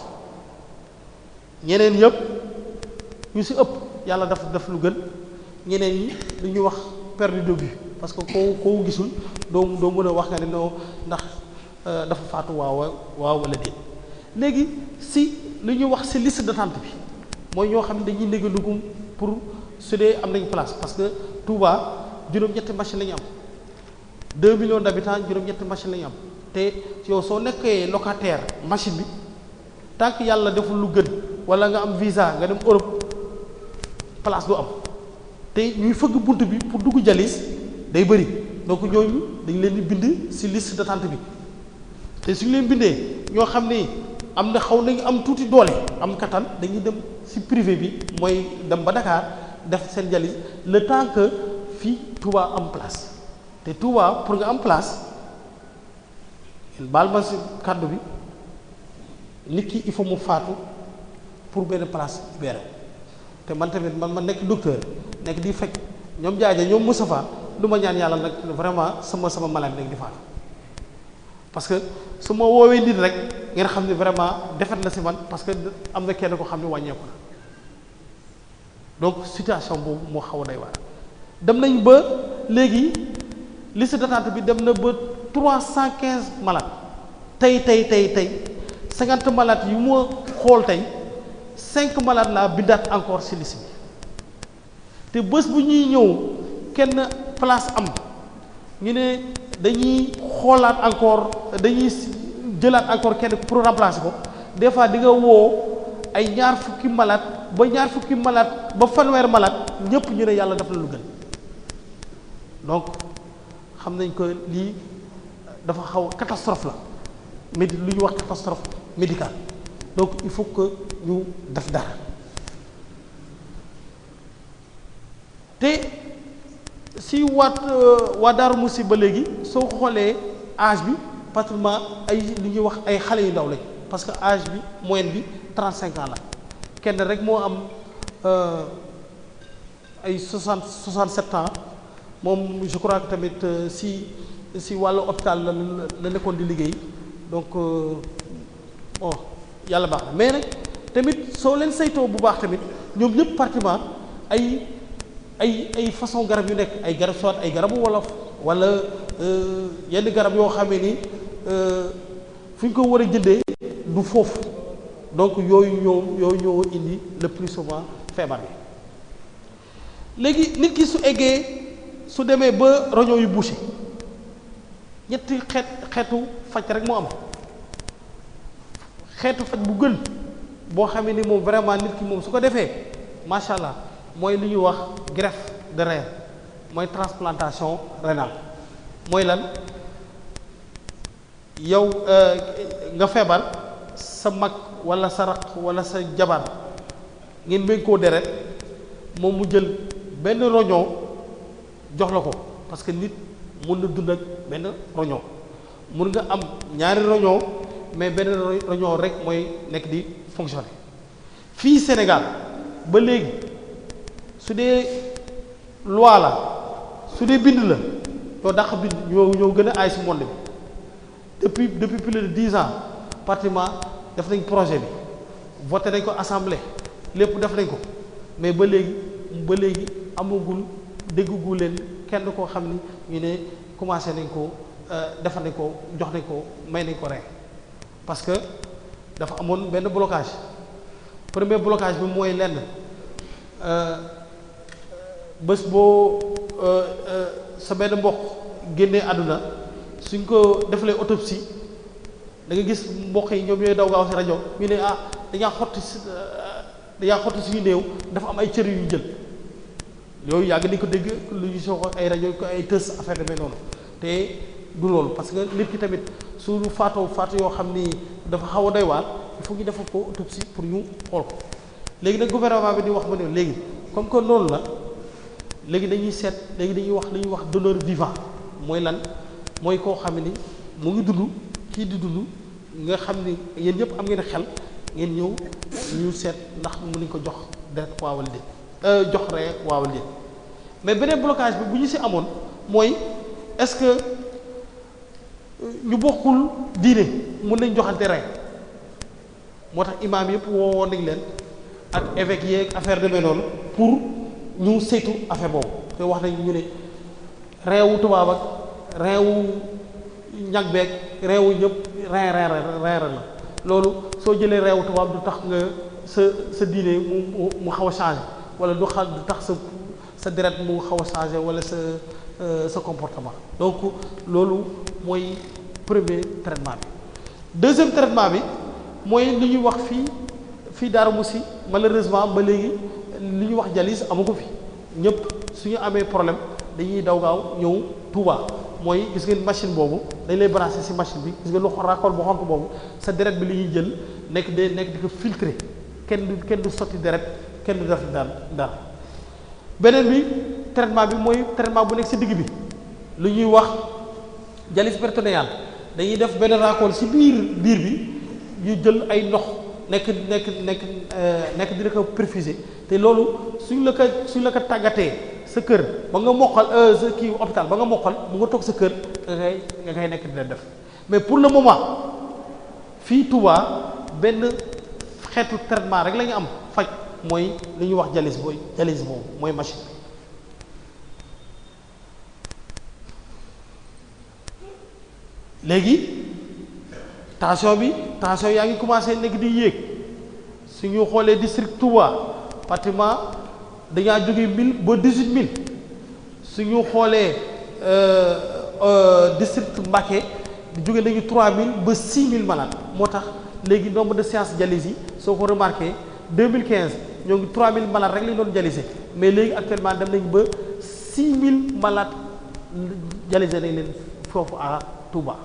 ñeneen yëpp ñu si ëpp yàlla daf daf lu gën ñeneen yi lu ñuy wax perdu de vue parce que koo koo gisul doo doo mën a wax nga ne non ndax euh, dafa faatu waaw waaw wala déet léegi si lu ñuy wax si liste d'attente bi mooy ñoo xam ne dañuy négandiku pour su dee am nañ place parce que Touba juróom-ñetti machine la ñu am deux millions d'habitants juróom-ñetti machine la am te yow soo nekkee locataire machine bi tànk yàlla deful lu gën wala nga am visa nga dem Europe place du am te ñuy fëgg bunt bi pour dugg jalis day bëri donc ñooñu dañ leen di bind ci liste d'attente bi te suñ leen bindee ñoo xam ne am na xaw nañu am tuuti doole am kattan dañuy dem ci privé bi mooy dem ba Dakar def seen jalis le temps que fii Touba am place te Touba pour nga am place baal ma si kàddu bi nit ki il faut mu faatu pour benn place libéré te man tamit man ma nekk docteur nekk di fekk ñoom jaaja ñoom Moustapha du ma ñaan yàlla nag vraiment sama sama malaam nekk di faatu parce que su ma woowee nit rek ngeen xam ne vraiment defet la si man parce que am na kenn ko xam ne wàññeeku na donc situation boobu moo xaw a doy waar dem nañ ba léegi liste d'attente bi dem na ba trois cent quinze malades tey tey tey tey cinquante malaat yu ma xool tey cinq malades laa bindaat encore ci liste bi te bés bu ñuy ñëw kenn place am ñu ne dañuy xoolaat encore dañuy jëlaat encore kenn pour remplacer ko des fois di nga woo ay ñaar fukki malaat ba ñaar fukki malaat ba fanweer malaat ñépp ñu ne yàlla def na lu gën xam nañ ko lii dafa xaw catastrophe la médi lu ñu wax catastrophe médicale donc il faut que ñu def dara te si waat euh, waa Daaru Musi ba léegi soo xoolee âge bi pratiquement ay lu ñuy wax ay xale yu ndaw lañ parce que âge bi moyenne bi trente cinq ans la kenn rek moo am euh, ay soixante soixante sept ans moom je crois que tamit euh, si si wàllu hôpital la la nekkoon di liggéey donc euh, bon yàlla baax na mais nag tamit soo leen saytoo bu baax tamit ñoom ñëpp partiment ay ay ay façon garab yu nekk ay garab soit ay garabu wolof wala euh, yenn garab yoo xamee ni fu ñu ko war a jëndee du foofu donc yooyu ñoo yooyu ñoo indi le plus souvent feebar bi léegi nit ki su eggee. su demee ba roño yu bouché ñetti xeet xeetu faj rek moo am xeetu faj bu gën boo xamee ni moom vraiment nit ki moom su ko defee macha allah mooy li ñuy wax greffe de rein mooy transplantation rénale mooy lan yow euh, nga feebar sa mag walla sa raq wala sa jabar ngeen bañ koo deret moom mu jël benn roñoo jox la ko parce que nit mun na dund ak benn roñoo mun nga am ñaari roñoo mais benn roñoo rek mooy nekk di fonctionner fii Sénégal ba léegi su dee loi la su dee bind la ñoo dàq bind ñoo ñoo gën a aay si monde bi depuis depuis plus de dix ans pratiquement def nañ projet bi voté nañ ko assemblée lépp def nañ ko mais ba léegi ba léegi amagul. déggugu leen kenn koo xam ni ñu ne commencé nañ ko euh, defal nañ ko jox nañ ko may nañ ko rek parce que dafa amoon benn blocage premier blocage bi mooy lenn euh, bés boo euh, sa benn mboq génnee àdduna suñ ko defalee autopsie da nga gis mboq yi ñoom ñooy daw gaaw si rajo ñu ne ah dañaa xotti si dañaa xotti suñu néew dafa am ay cër yu ñu jël yooyu yàgg nañ ko dégg lu ñu soo ko ay rajo ko ay tës affaire demee noonu te du loolu parce que nit ki tamit su faatoo faatu yoo xam ni dafa xaw a doy waar il faut defal ko autopsie pour ñu xool ko léegi nag gouvernement bi di wax ma ne léegi comme que loolu la léegi dañuy seet léegi dañuy wax li ñuy wax donneur vivant mooy lan mooy koo xam ni mu ngi dund kii di dund nga xam ni yéen ñëpp am ngeen xel ngeen ñëw ñu seet ndax mën nañ ko jox deret waa wala déet Euh, jox rek waaw lii mais beneen blocage bi bu ñu si amoon mooy est-ce que ñu bokkul diine mën nañ joxante rek moo tax imaam yëpp woowoon nañ leen ak évêque yeeg affaire demee noonu pour ñu saytu affaire boobu te wax nañ ñu ne réewu tubaab ak réewu ñag beeg réewu ñëpp rein rein la loolu soo jëlee reewu tubaab du tax nga sa sa diine mu mu xaw a changé wala du xal du tax sa sa deret mu xaw a changé wala sa euh, sa comportement donc loolu mooy premier traitement bi deuxième traitement bi mooy li ñuy wax fii fii Darou Moussi malheureusement ba léegi li ñuy wax jalis amu ko fi ñëpp su ñu amee problème dañuy daw gaaw ñëw Touba mooy gis ngeen machine boobu dañ lay branché ci machine bi gis ngeen lu raccord bu xonk boobu sa deret bi li ñuy jël nekk de nekk di ko filtrer kenn du kenn du sotti deret kenn du def daan dara beneen bi traitement bi mooy traitement bu nekk si digg bi lu ñuy wax dialyse péritonéale dañuy def benn raakool si biir biir bi ñu jël ay ndox nekk nekk nekk euh, nekk dina ko te loolu suñ la ko suñ la ko tàggatee sa kër ba nga mokkal euh, sa kii hôpital ba nga mokkal mu nga toog sa kër nga ngay nga ngay nekk def mais pour le moment fii Touba benn xeetu traitement rek la am faj mooy li ñuy wax jalis booy jalis boobu mooy machine bi léegi tension bi tension yaa ngi commencé nekk di yéeg su ñu xoolee district Touba pratiquement dañaa jóge mille ba dix-huit mille su ñu xoolee euh, euh, district Mbacké jóge nañu trois mille ba six mille malades moo tax léegi nombre de séances dialyse yi soo ko remarqué deux mille quinze ñoo ngi trois mille malades rek la doon dialysé mais léegi actuellement dem nañ ba 6000 malades dialysé nañ leen foofu à Touba.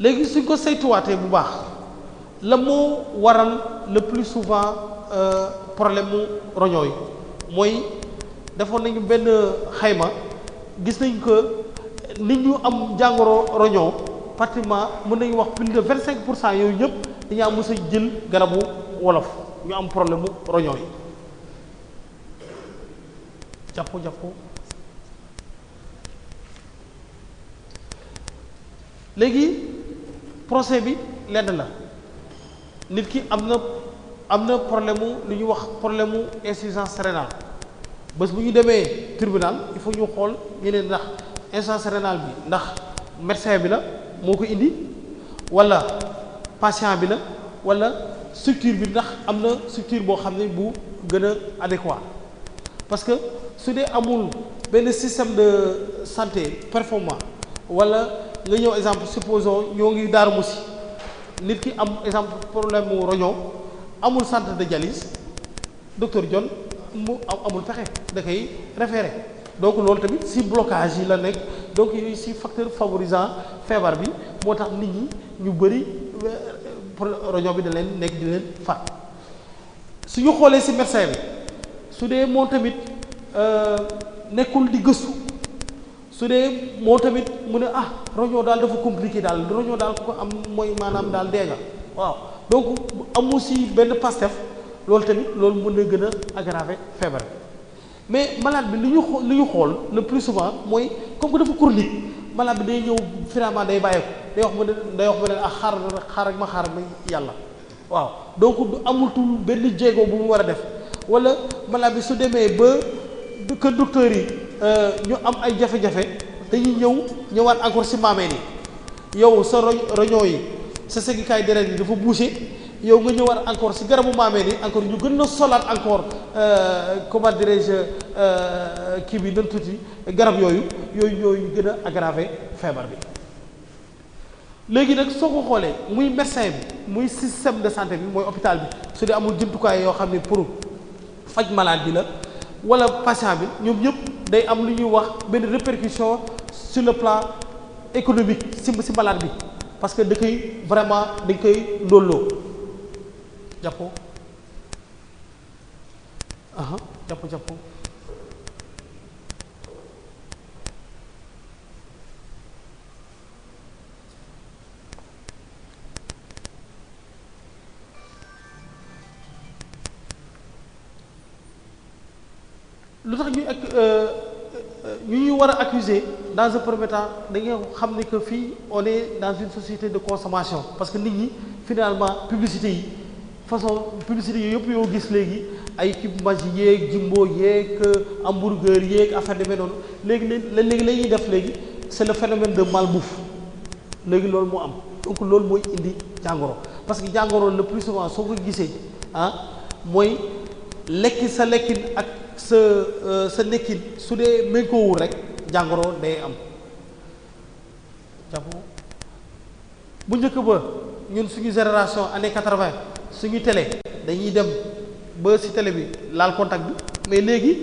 léegi suñ ko saytuwaatee bu baax la moo waral le plus souvent euh, problème mu roñoo yi mooy defoon nañu benn xayma gis nañ ko nit ñu am jàngoro roñoo pratiquement mun nañu wax plus de vingt cinq pour cent yooyu dañu am mos a jël garabu wolof ñu am problème mu roñoo yi jàpp jàpp léegi procès bi lend la nit ki am na am na problème mu lu ñuy wax problème mu insuffisance rénale bés bu ñu demee tribunal il faut ñu xool ñu ne ndax insuffisance rénale bi ndax médecin bi la moo ko indi wala patient bi la wala structure bi ndax am na structure boo xam ne bu gën a adéquat parce que su dee amul benn système de santé performant wala nga ñëw exemple supposons ñoo ngi daaru musi nit ki am exemple problème mu roñoo amul centre de dialyse docteur John mu amul fexe da koy donc loolu tamit si blocage yi la nekk donc yooyu si facteur favorisant feebar bi moo tax nit ñi ñu bëri euh, roño bi da leen nekk di leen fat suñu xoolee si médecin bi su dee moo tamit euh, nekkul di gëstu su dee moo tamit mu ne ah roño daal dafa compliqué daal roño daal ku ko am mooy maanaam daal dee nga waaw donc amu si benn pastef loolu tamit loolu mën na gën a aggraver feebar bi mais malaat bi li ñu xo li ñu xool le plus souvent mooy comme que dafa chronique malade bi day ñëw finalement day bàyyi day wax ma ne day wax ma ne ah xaar xaar ak ma xaar ak ma yàlla waaw donc amatul benn jéego bu mu war a def wala malade bi su demee ba que docteur yi euh, ñu am ay jafe-jafe dañuy ñëw ñëwaat encore si maameen yi yow sa roñ roñoo yi sa segikaay deret yi dafa bouché. yow nga ñëwaat encore si garabu maamee ni encore ñu gën a solaat encore euh, comment dirais-je euh, kii bi nan tuuti garab yooyu yooyu yooyu gën a aggravé feebar bi léegi nag soo ko xoolee muy médecin bi muy système de santé bi mooy hôpital bi su dee amul jumtukaay yoo xam ne pour faj malade bi la wala patient bi ñoom ñëpp day am lu ñuy wax benn répercussion sur le plan économique si si malade bi parce que da vraiment dañ koy ndóolloo jàpp aha jàpp jàpp lu tax ñuy ak euh, euh, ñu ñuy war a accuser dans un premier temps xam ne que fii on est dans une société de consommation parce que nit ñi finalement publicité yi façon publicité yooyu yëpp yoo gis léegi ay cube mbaj yéeg jumbo yéeg hamburger yéeg affaire demee noonu léegi léegi la ñuy def léegi c'est le phénomène de malbouffe léegi loolu moo am donc loolu mooy indi jàngoro parce que jàngoro la plus souvent soo ko gisee ah mooy lekki sa lekkin ak sa euh, sa nekkin su dee méngoowul rek jàngoro day am jàpp bu njëkk ba ñun suñu génération année quatre-vingt suñu télé dañuy dem ba si télé bi laal contact bi mais léegi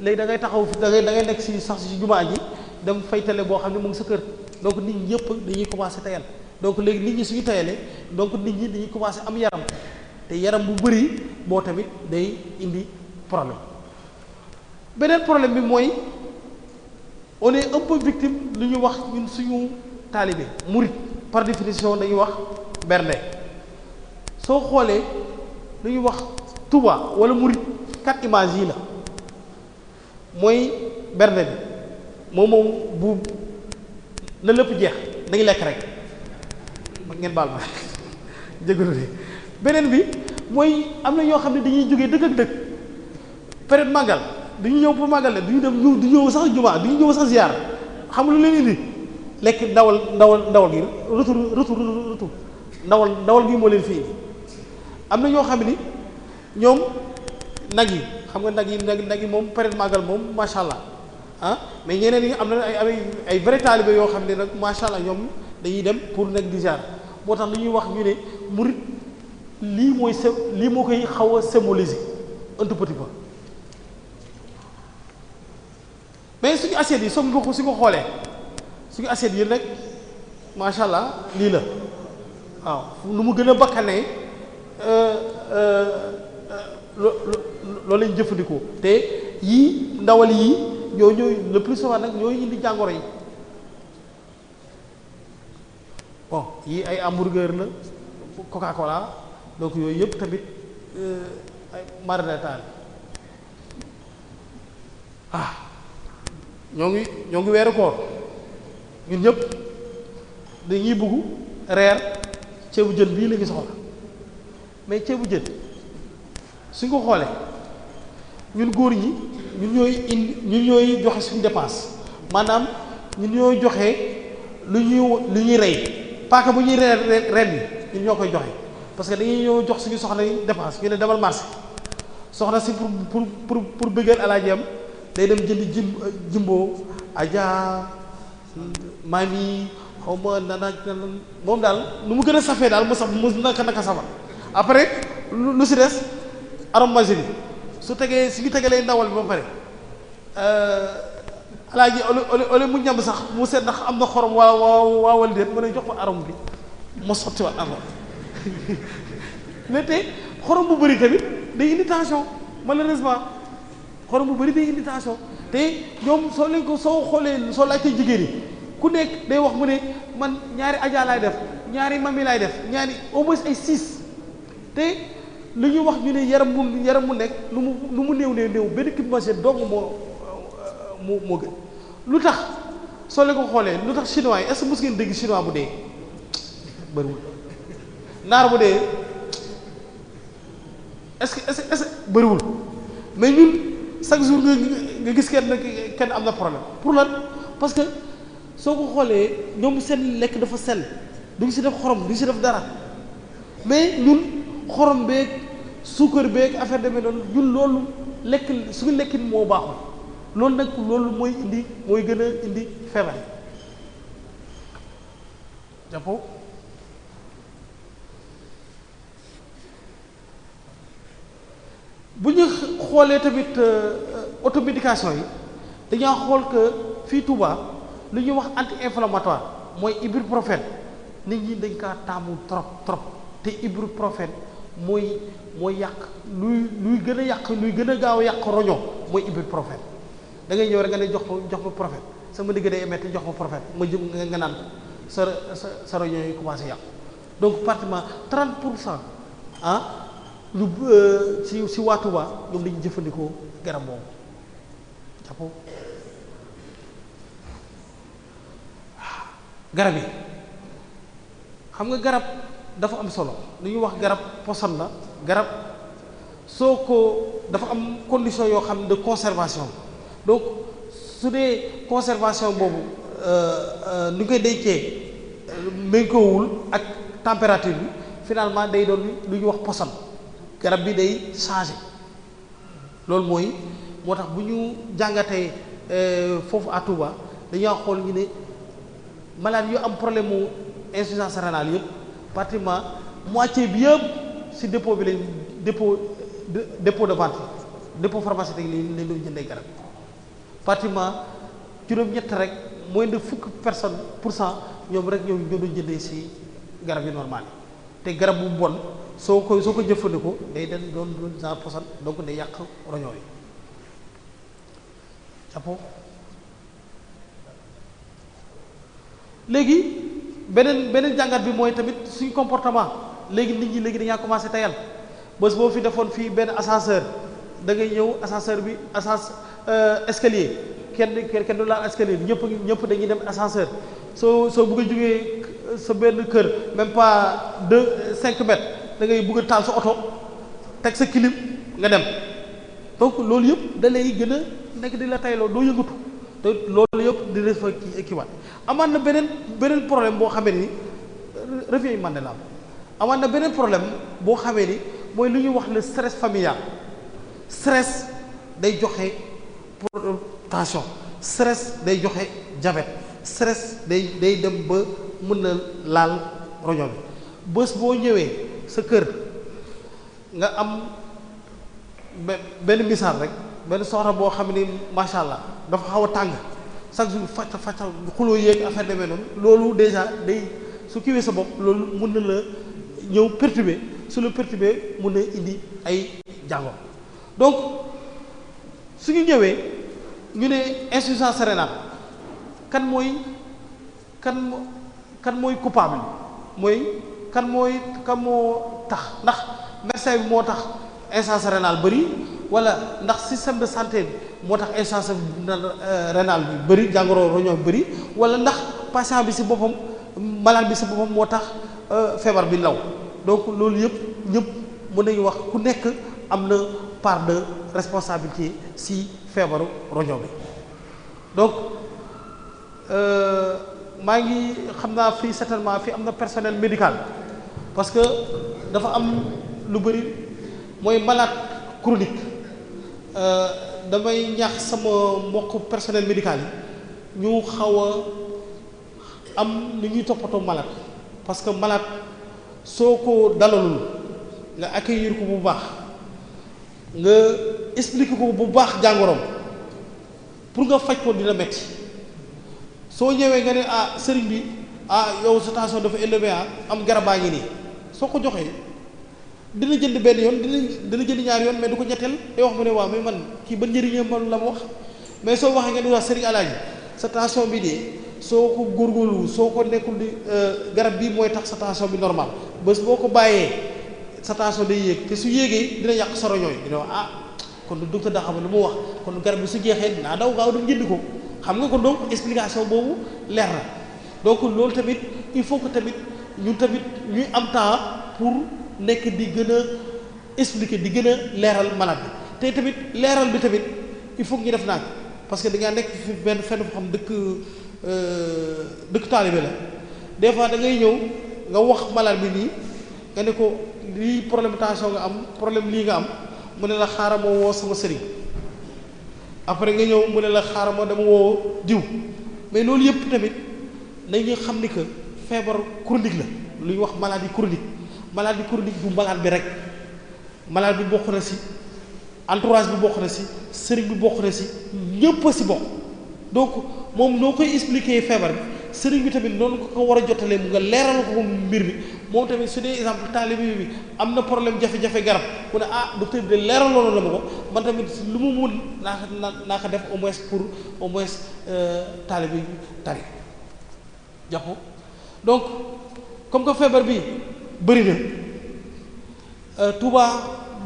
léegi da ngay taxaw da ngay da ngay nekk si sax si jumaa ji dem fay télé boo xam ne mu ngi sa kër donc nit ñi yëpp dañuy commencé tayal donc léegi nit ñi suñu tayalee donc nit ñi dañuy commencé am yaram te yaram bu bëri boo tamit day indi problème beneen problème bi mooy on est un peu victime lu ñu wax ñun suñu taalibe murit par définition dañuy wax bernde soo xoolee lu ñuy wax Touba wala murit quatre images yi la mooy berne bi moom moom bu na lépp jeex nañu lekk rek mag ngeen baal ma jégalu de beneen bi mooy am na ñoo xam ne dañuy jógee dëkk ak dëkk période màggal dañu ñëw pour màggal ne duñu dem ñu du ñëw sax jumaa duñu ñëw sax ziar xam lu leen indi lekk ndawal ndawal ndawal gi retour retour retour ndawal ndawal gi moo leen fii indi am na ñoo xam ni ñoom nag yi xam nga nag yi nag nag yi moom période màggal moom macha allah ah mais ñeneen yi am na ay ay ay vrai yoo xam ne nag macha allah ñoom dañuy dem pour nag di jaar moo tax lu ñuy wax ñu ne murit lii mooy se lii moo koy xaw a symboliser un tout mais suñu assiettes yi soo ko su ko xoolee suñu assiettes yi rek macha allah lii la waaw lu mu gën a bakkanee Euh, euh, euh, loolu lañ jëfandikoo te yii ndawal yii ñoo ñooy le plus souvent nag ñooy indi jàngoro yi bon yii ay hamburger la coca cola donc yooyu yëpp tamit ay marinatan ah ñoo ngi ñoo ngi weeru koor ñun ñëpp dañuy bugg reer ceebu jën bii la ñu soxla mais ceebu jën suñ ko xoolee ñun góor ñi ñun ñooy indi ñun ñooy joxe suñu dépense maanaam ñun ñooy joxe lu ñuy lu ñuy rey paaka bu ñuy rey ren yi ñun ñoo koy joxe parce que dañuy ñëw jox suñu soxna yi dépense ñu ne demal marché soxna si pour pour pour pour bëggal alaaji am day dem jënd jim jimbo ajaa maam yi xaw ma nana moom daal nu mu gën a safee daal mu saf mu naka naka safal après lu si des aromage bi su tegee su ñu tegee tegalee ndawal bi ba pare euh, alaaji ole ole mu ñam sax mu seet ndax am na xorom waa waa waa wala déet mu ne jox ko arom bi ma sotti waat arom mais tey xorom bu bëri tamit day indi tension malheureusement xorom bu bëri day indi te ñoom soo leen ko soo xoolee soo laajtee jigéen yi ku nekk day wax mu ne man ñaari aja laay def ñaari mami laay def ñaari au moins ay six te li ñuy wax ñu ne yaram mu yaram mu nekk lu mu lu mu néew néew néew benn climatiseur dong moo euh, moo moo gën lu tax soo leen ko xoolee lu tax chinois yi est-ce que mës dégg chinois bu dee bëriwul naar bu dee est-ce que est-ce que bëriwul mais ñun chaque jour nga nga gis kenn kenn am na problème pour lan parce que soo ko xoolee ñoom seen lekk dafa sell duñ si def xorom ngi si def dara mais ñun. xorom beeg suukar beeg affaire demee noonu ñun loolu lekk suñu lekkin moo baaxul loolu nag loolu mooy indi mooy gën a indi feebar jàppo bu ñu xoolee tamit euh, automédication yi dañaa xool que fii Touba li ñuy wax anti-inflammatoire mooy ibuprofène nit ñi dañ kaa taamu trop trop te ibuprofène mooy mooy yàq luy luy gën a yàq luy gën a gaaw a yàq roño mooy ibbil profet da ngay ñëw rek nga ne jox ko jox ma prophète sama digg day métti jox ko profet ma jëm nga naan sa sa sa roño yi commencé yàqu donc pratiquement 30 pour cent ah lu euh, ci si waa Touba ñoom dañuy jëfandikoo garab boobu jàppoo garab yi xam nga garab. dafa am solo lu ñuy wax garab poson la garab soo ko dafa am condition yoo xam ne de conservation donc su dee conservation boobu euh, euh, nu koy dencee méngoowul ak température bi finalement day doon lu ñuy wax poson garab bi day changer loolu mooy moo tax bu ñu jàngatee euh, foofu à Touba dañoo xool ñu ne malade yu am problème mu insuffisance rénale yëpp pratiquement moitié bi yëpp si dépo bi lañ de dépôt de vente dépôt pharmaceutique lañ lañ doon jëndee garab pratiquement juróom-ñett rek mooy de fukk personne pour cent ñoom rek ñoom ñoo doon jëndee si garab yi normal yi te garab bu bon soo ko soo ko jëfandikoo day dem doon doon genre poson donk day yàq roñoo yi jàppoo léegi beneen beneen jàngat bi mooy tamit suñu comportement léegi nit ñi léegi dañaa commencé tayal bés boo fi defoon fii benn ascenseur da ngay ñëw ascenseur bi ascens euh, escalier kenn kenn du laal escalier ñëpp ñëpp dañuy dem ascenseur soo soo bëgg a jógee sa benn kër même pas deux cinq mètres da ngay bëgg a taal sa oto teg sa kilim nga dem donc loolu yëpp da lay gën a nekk di la tayloo doo yëngatu te loolu yëpp di def fa kiiwaat amaat na beneen beneen problème boo xamee ni revient Mandela am amaat na beneen problème boo xamee ni mooy lu ñuy wax le stress familial stress day joxe tension stress day joxe diabète stress day day dem ba mën na laal roño bi bés boo ñëwee sa kër nga am benn misaal rek benn soxna boo xam ni macha allah dafa xaw a tàng. chaque jour fata fata xuloo yeeg affaire demee noonu loolu déjà day su kiwee sa bopp loolu mun na la ñëw perturber su la perturber mun na indi ay jàngoro donc su ñu ñëwee ñu ne insuffisance cérébrale kan mooy kan mooy coupable mooy kan mooy kan moo tax ndax médecin bi moo tax insuffisance cérébrale bëri wala ndax système de santé moo tax insuffisance rénale bi bëri jàngoro roñoo bëri wala ndax patient bi si boppam malade bi si boppam moo tax euh, feebar bi law donc loolu yëpp ñëpp mën nañu wax ku nekk am na part de responsabilité si feebaru roñoo bi donc euh, maa ngi xam naa fii certainement fii am na personnel médical parce que dafa am lu bëri mooy malade chronique. Euh, damay ñaax sama mbokk personnel médical yi ñu xaw a am nu ñuy toppatoo malade parce que malade soo ko dalalul nga accueillir ko bu baax nga expliqué ko bu baax jàngoroom pour nga faj ko dina metti soo ñëwee nga ne ah sëriñ bi ah yow sa tension dafa élevé ah am garabaa ngi nii soo ko joxee dina jënd benn yoon dina dina jënd ñaari yoon mais du ko ñetteel day wax mu ne waaw mais man kii ba njëriñam man la mu wax mais soo waxee ngeen di wax sëriñ alaaji sa tension bi de soo ko góorgóorlu soo ko nekkul di euh, garab bii mooy tax sa tension bi normal bés boo ko bàyyee sa tension day yéeg te su yéegee dina yàq sa roño dina wax ah kon du docteur daa xam lu mu wax kon garab bi su jeexee dinaa daw gaaw dem jënd ko xam nga ko donc explication boobu leer na donc loolu tamit il faut que tamit ñun tamit ñuy am temps pour. nekk di gën a expliquer di gën a leeral malade bi te tamit leeral bi tamit il faut que ñu def naa parce que da ngaa nekk fi benn fenn foo xam dëkk euh, dëkk taalibe la des fois da ngay ñëw nga wax malade bi nii nga ne ko lii problème tension nga am problème lii nga am mu ne la xaaral ma woo sama sëriñ après nga ñëw mu ne la xaaral ma dama woo diw mais loolu yëpp tamit nañu xam ni que feebar chronique la lu ñuy wax maladie chronique. maladie chronique bu malade bi rek malade bi bokk na si entourage bi bokk na si sëriñ bi bokk na si ñëpp a si bokk donc moom noo koy expliquer feebar bi sëriñ bi tamit noonu ko ko war a jotalee mu nga leeral mbir mi moom tamit su dee bi am na problème jafe-jafe garab ah docteur bi de leeraloon na ko man lu mu mun naa naa naa ko def au moins pour au moins euh, taalibe bi tari que feebar bi bëri na euh, Touba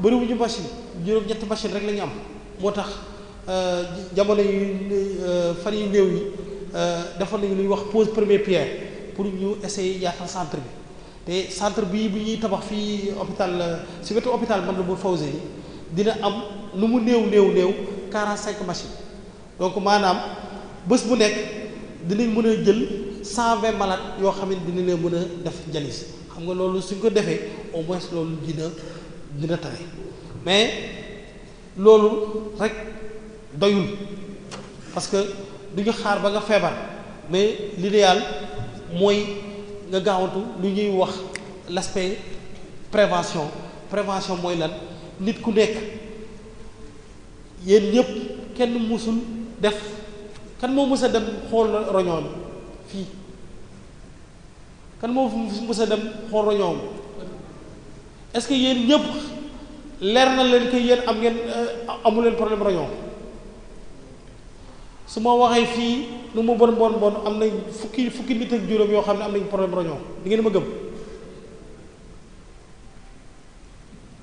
bëriwuñu machine juróom-ñetti machine rek la am moo tax euh, jamono yu euh, fan yu néew yi defal nañu lu ñuy wax pose premier pierre pour ñu essayer yaatal centre bi te centre bii bu ñuy tabax fii hôpital si wetu hôpital man la bu fawse yi dina am lu mu néew néew néew quarante cinq machines donc maanaam bés bu nekk dinañ mën a jël cent vingt malades yoo xam ne dina leen mën a def dialyse xam nga loolu suñ ko defee au moins loolu dina dina tawe mais loolu rek doyul parce que du ñu xaar ba nga feebar mais l'idéal mooy nga gaawantu lu ñuy wax laspe prévention prévention mooy lan nit ku nekk yéen ñëpp kenn mësul def kenn moo mës a dem xool roñoon fii kan moo fi mës a dem xool roñoom est-ce que yéen ñëpp leer na leen que yéen am ngeen euh, amu leen problème roñoom su ma waxee fii lu mu bon bon bon am na fukki fukki nit ak juróom yoo xam ne am nañ problème roñoom di ngeen ma gëm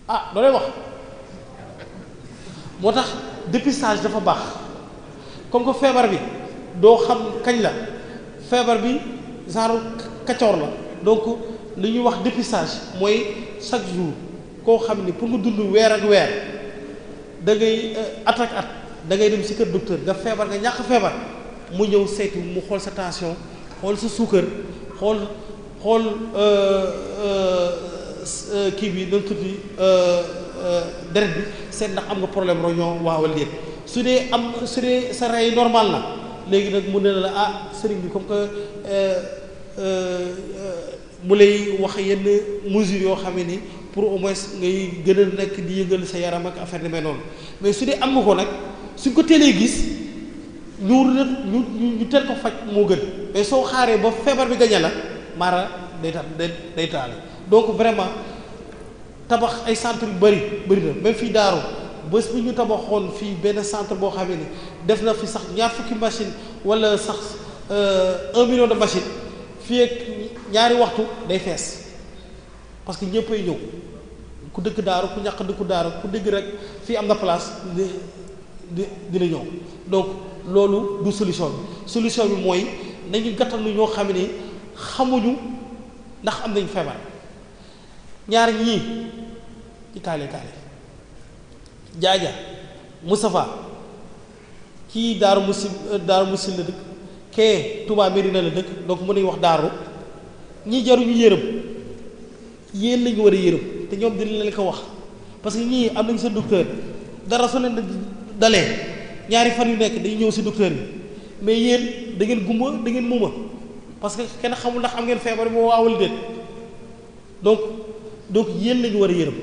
ah doo leen wax moo tax dépistage dafa baax comme que feebar bi doo xam kañ la feebar bi genre kacoor la donc lu ñuy wax dépistage mooy chaque jour koo xam ni pour nga dund weer ak weer da ngay euh, at ak at da ngay dem si kër docteur nga feebar nga ñàkk feebar mu ñëw saytu mu xool sa tension xool sa suukar xool xool euh, euh, kii bi dañ tudd deret bi seet ndax am nga problème roñon waaw léeg su dee am su dee sa rey normal na léegi nag mu ne la ah sëriñ bi comme que Euh, euh, mu lay wax yenn mesures yoo xam ne ni pour au moins ngay gën a nekk di yëngal sa yaram ak affaire demee noonu mais su dee am nga ko nag suñ ko teelee gis ñu ñu ñu teel ko faj moo gën mais soo xaaree ba feebar bi gañe la mara day taal day taale donc vraiment tabax ay centre yu bëri bëri na même fii Daaru bés bi ñu tabaxoon fii benn centre boo xamee ni def na fi sax ñaar fukki machine wala sax euh, un million de machine fii ak ñaari waxtu day fees parce que ñëpp ay ñëw ku dëkk daaru ku ñàkk dëkku daaru ku dëgg rek fii am na place di di dina ñëw donc loolu du solution bi solution bi mooy nañu gàttal ñoo xam ne xamuñu ndax am nañ feebar ñaar ñii ci kaale kaale jaaja Moustapha kii daaru musi daaru musil la dëkk kee Touba na la dëkk donc mën nañu wax daaru ñii jaruñu yërëm yéen lañu war a yërëm te ñoom dina leen ko wax parce que ñii am nañ seen docteur dara su da dalee ñaari fan yu nekk dañu ñëw si docteur bi mais yéen da ngeen gumba da ngeen muma parce que kenn xamul ndax am ngeen feebare boo waawal déet donc donc yéen lañu war a yërëm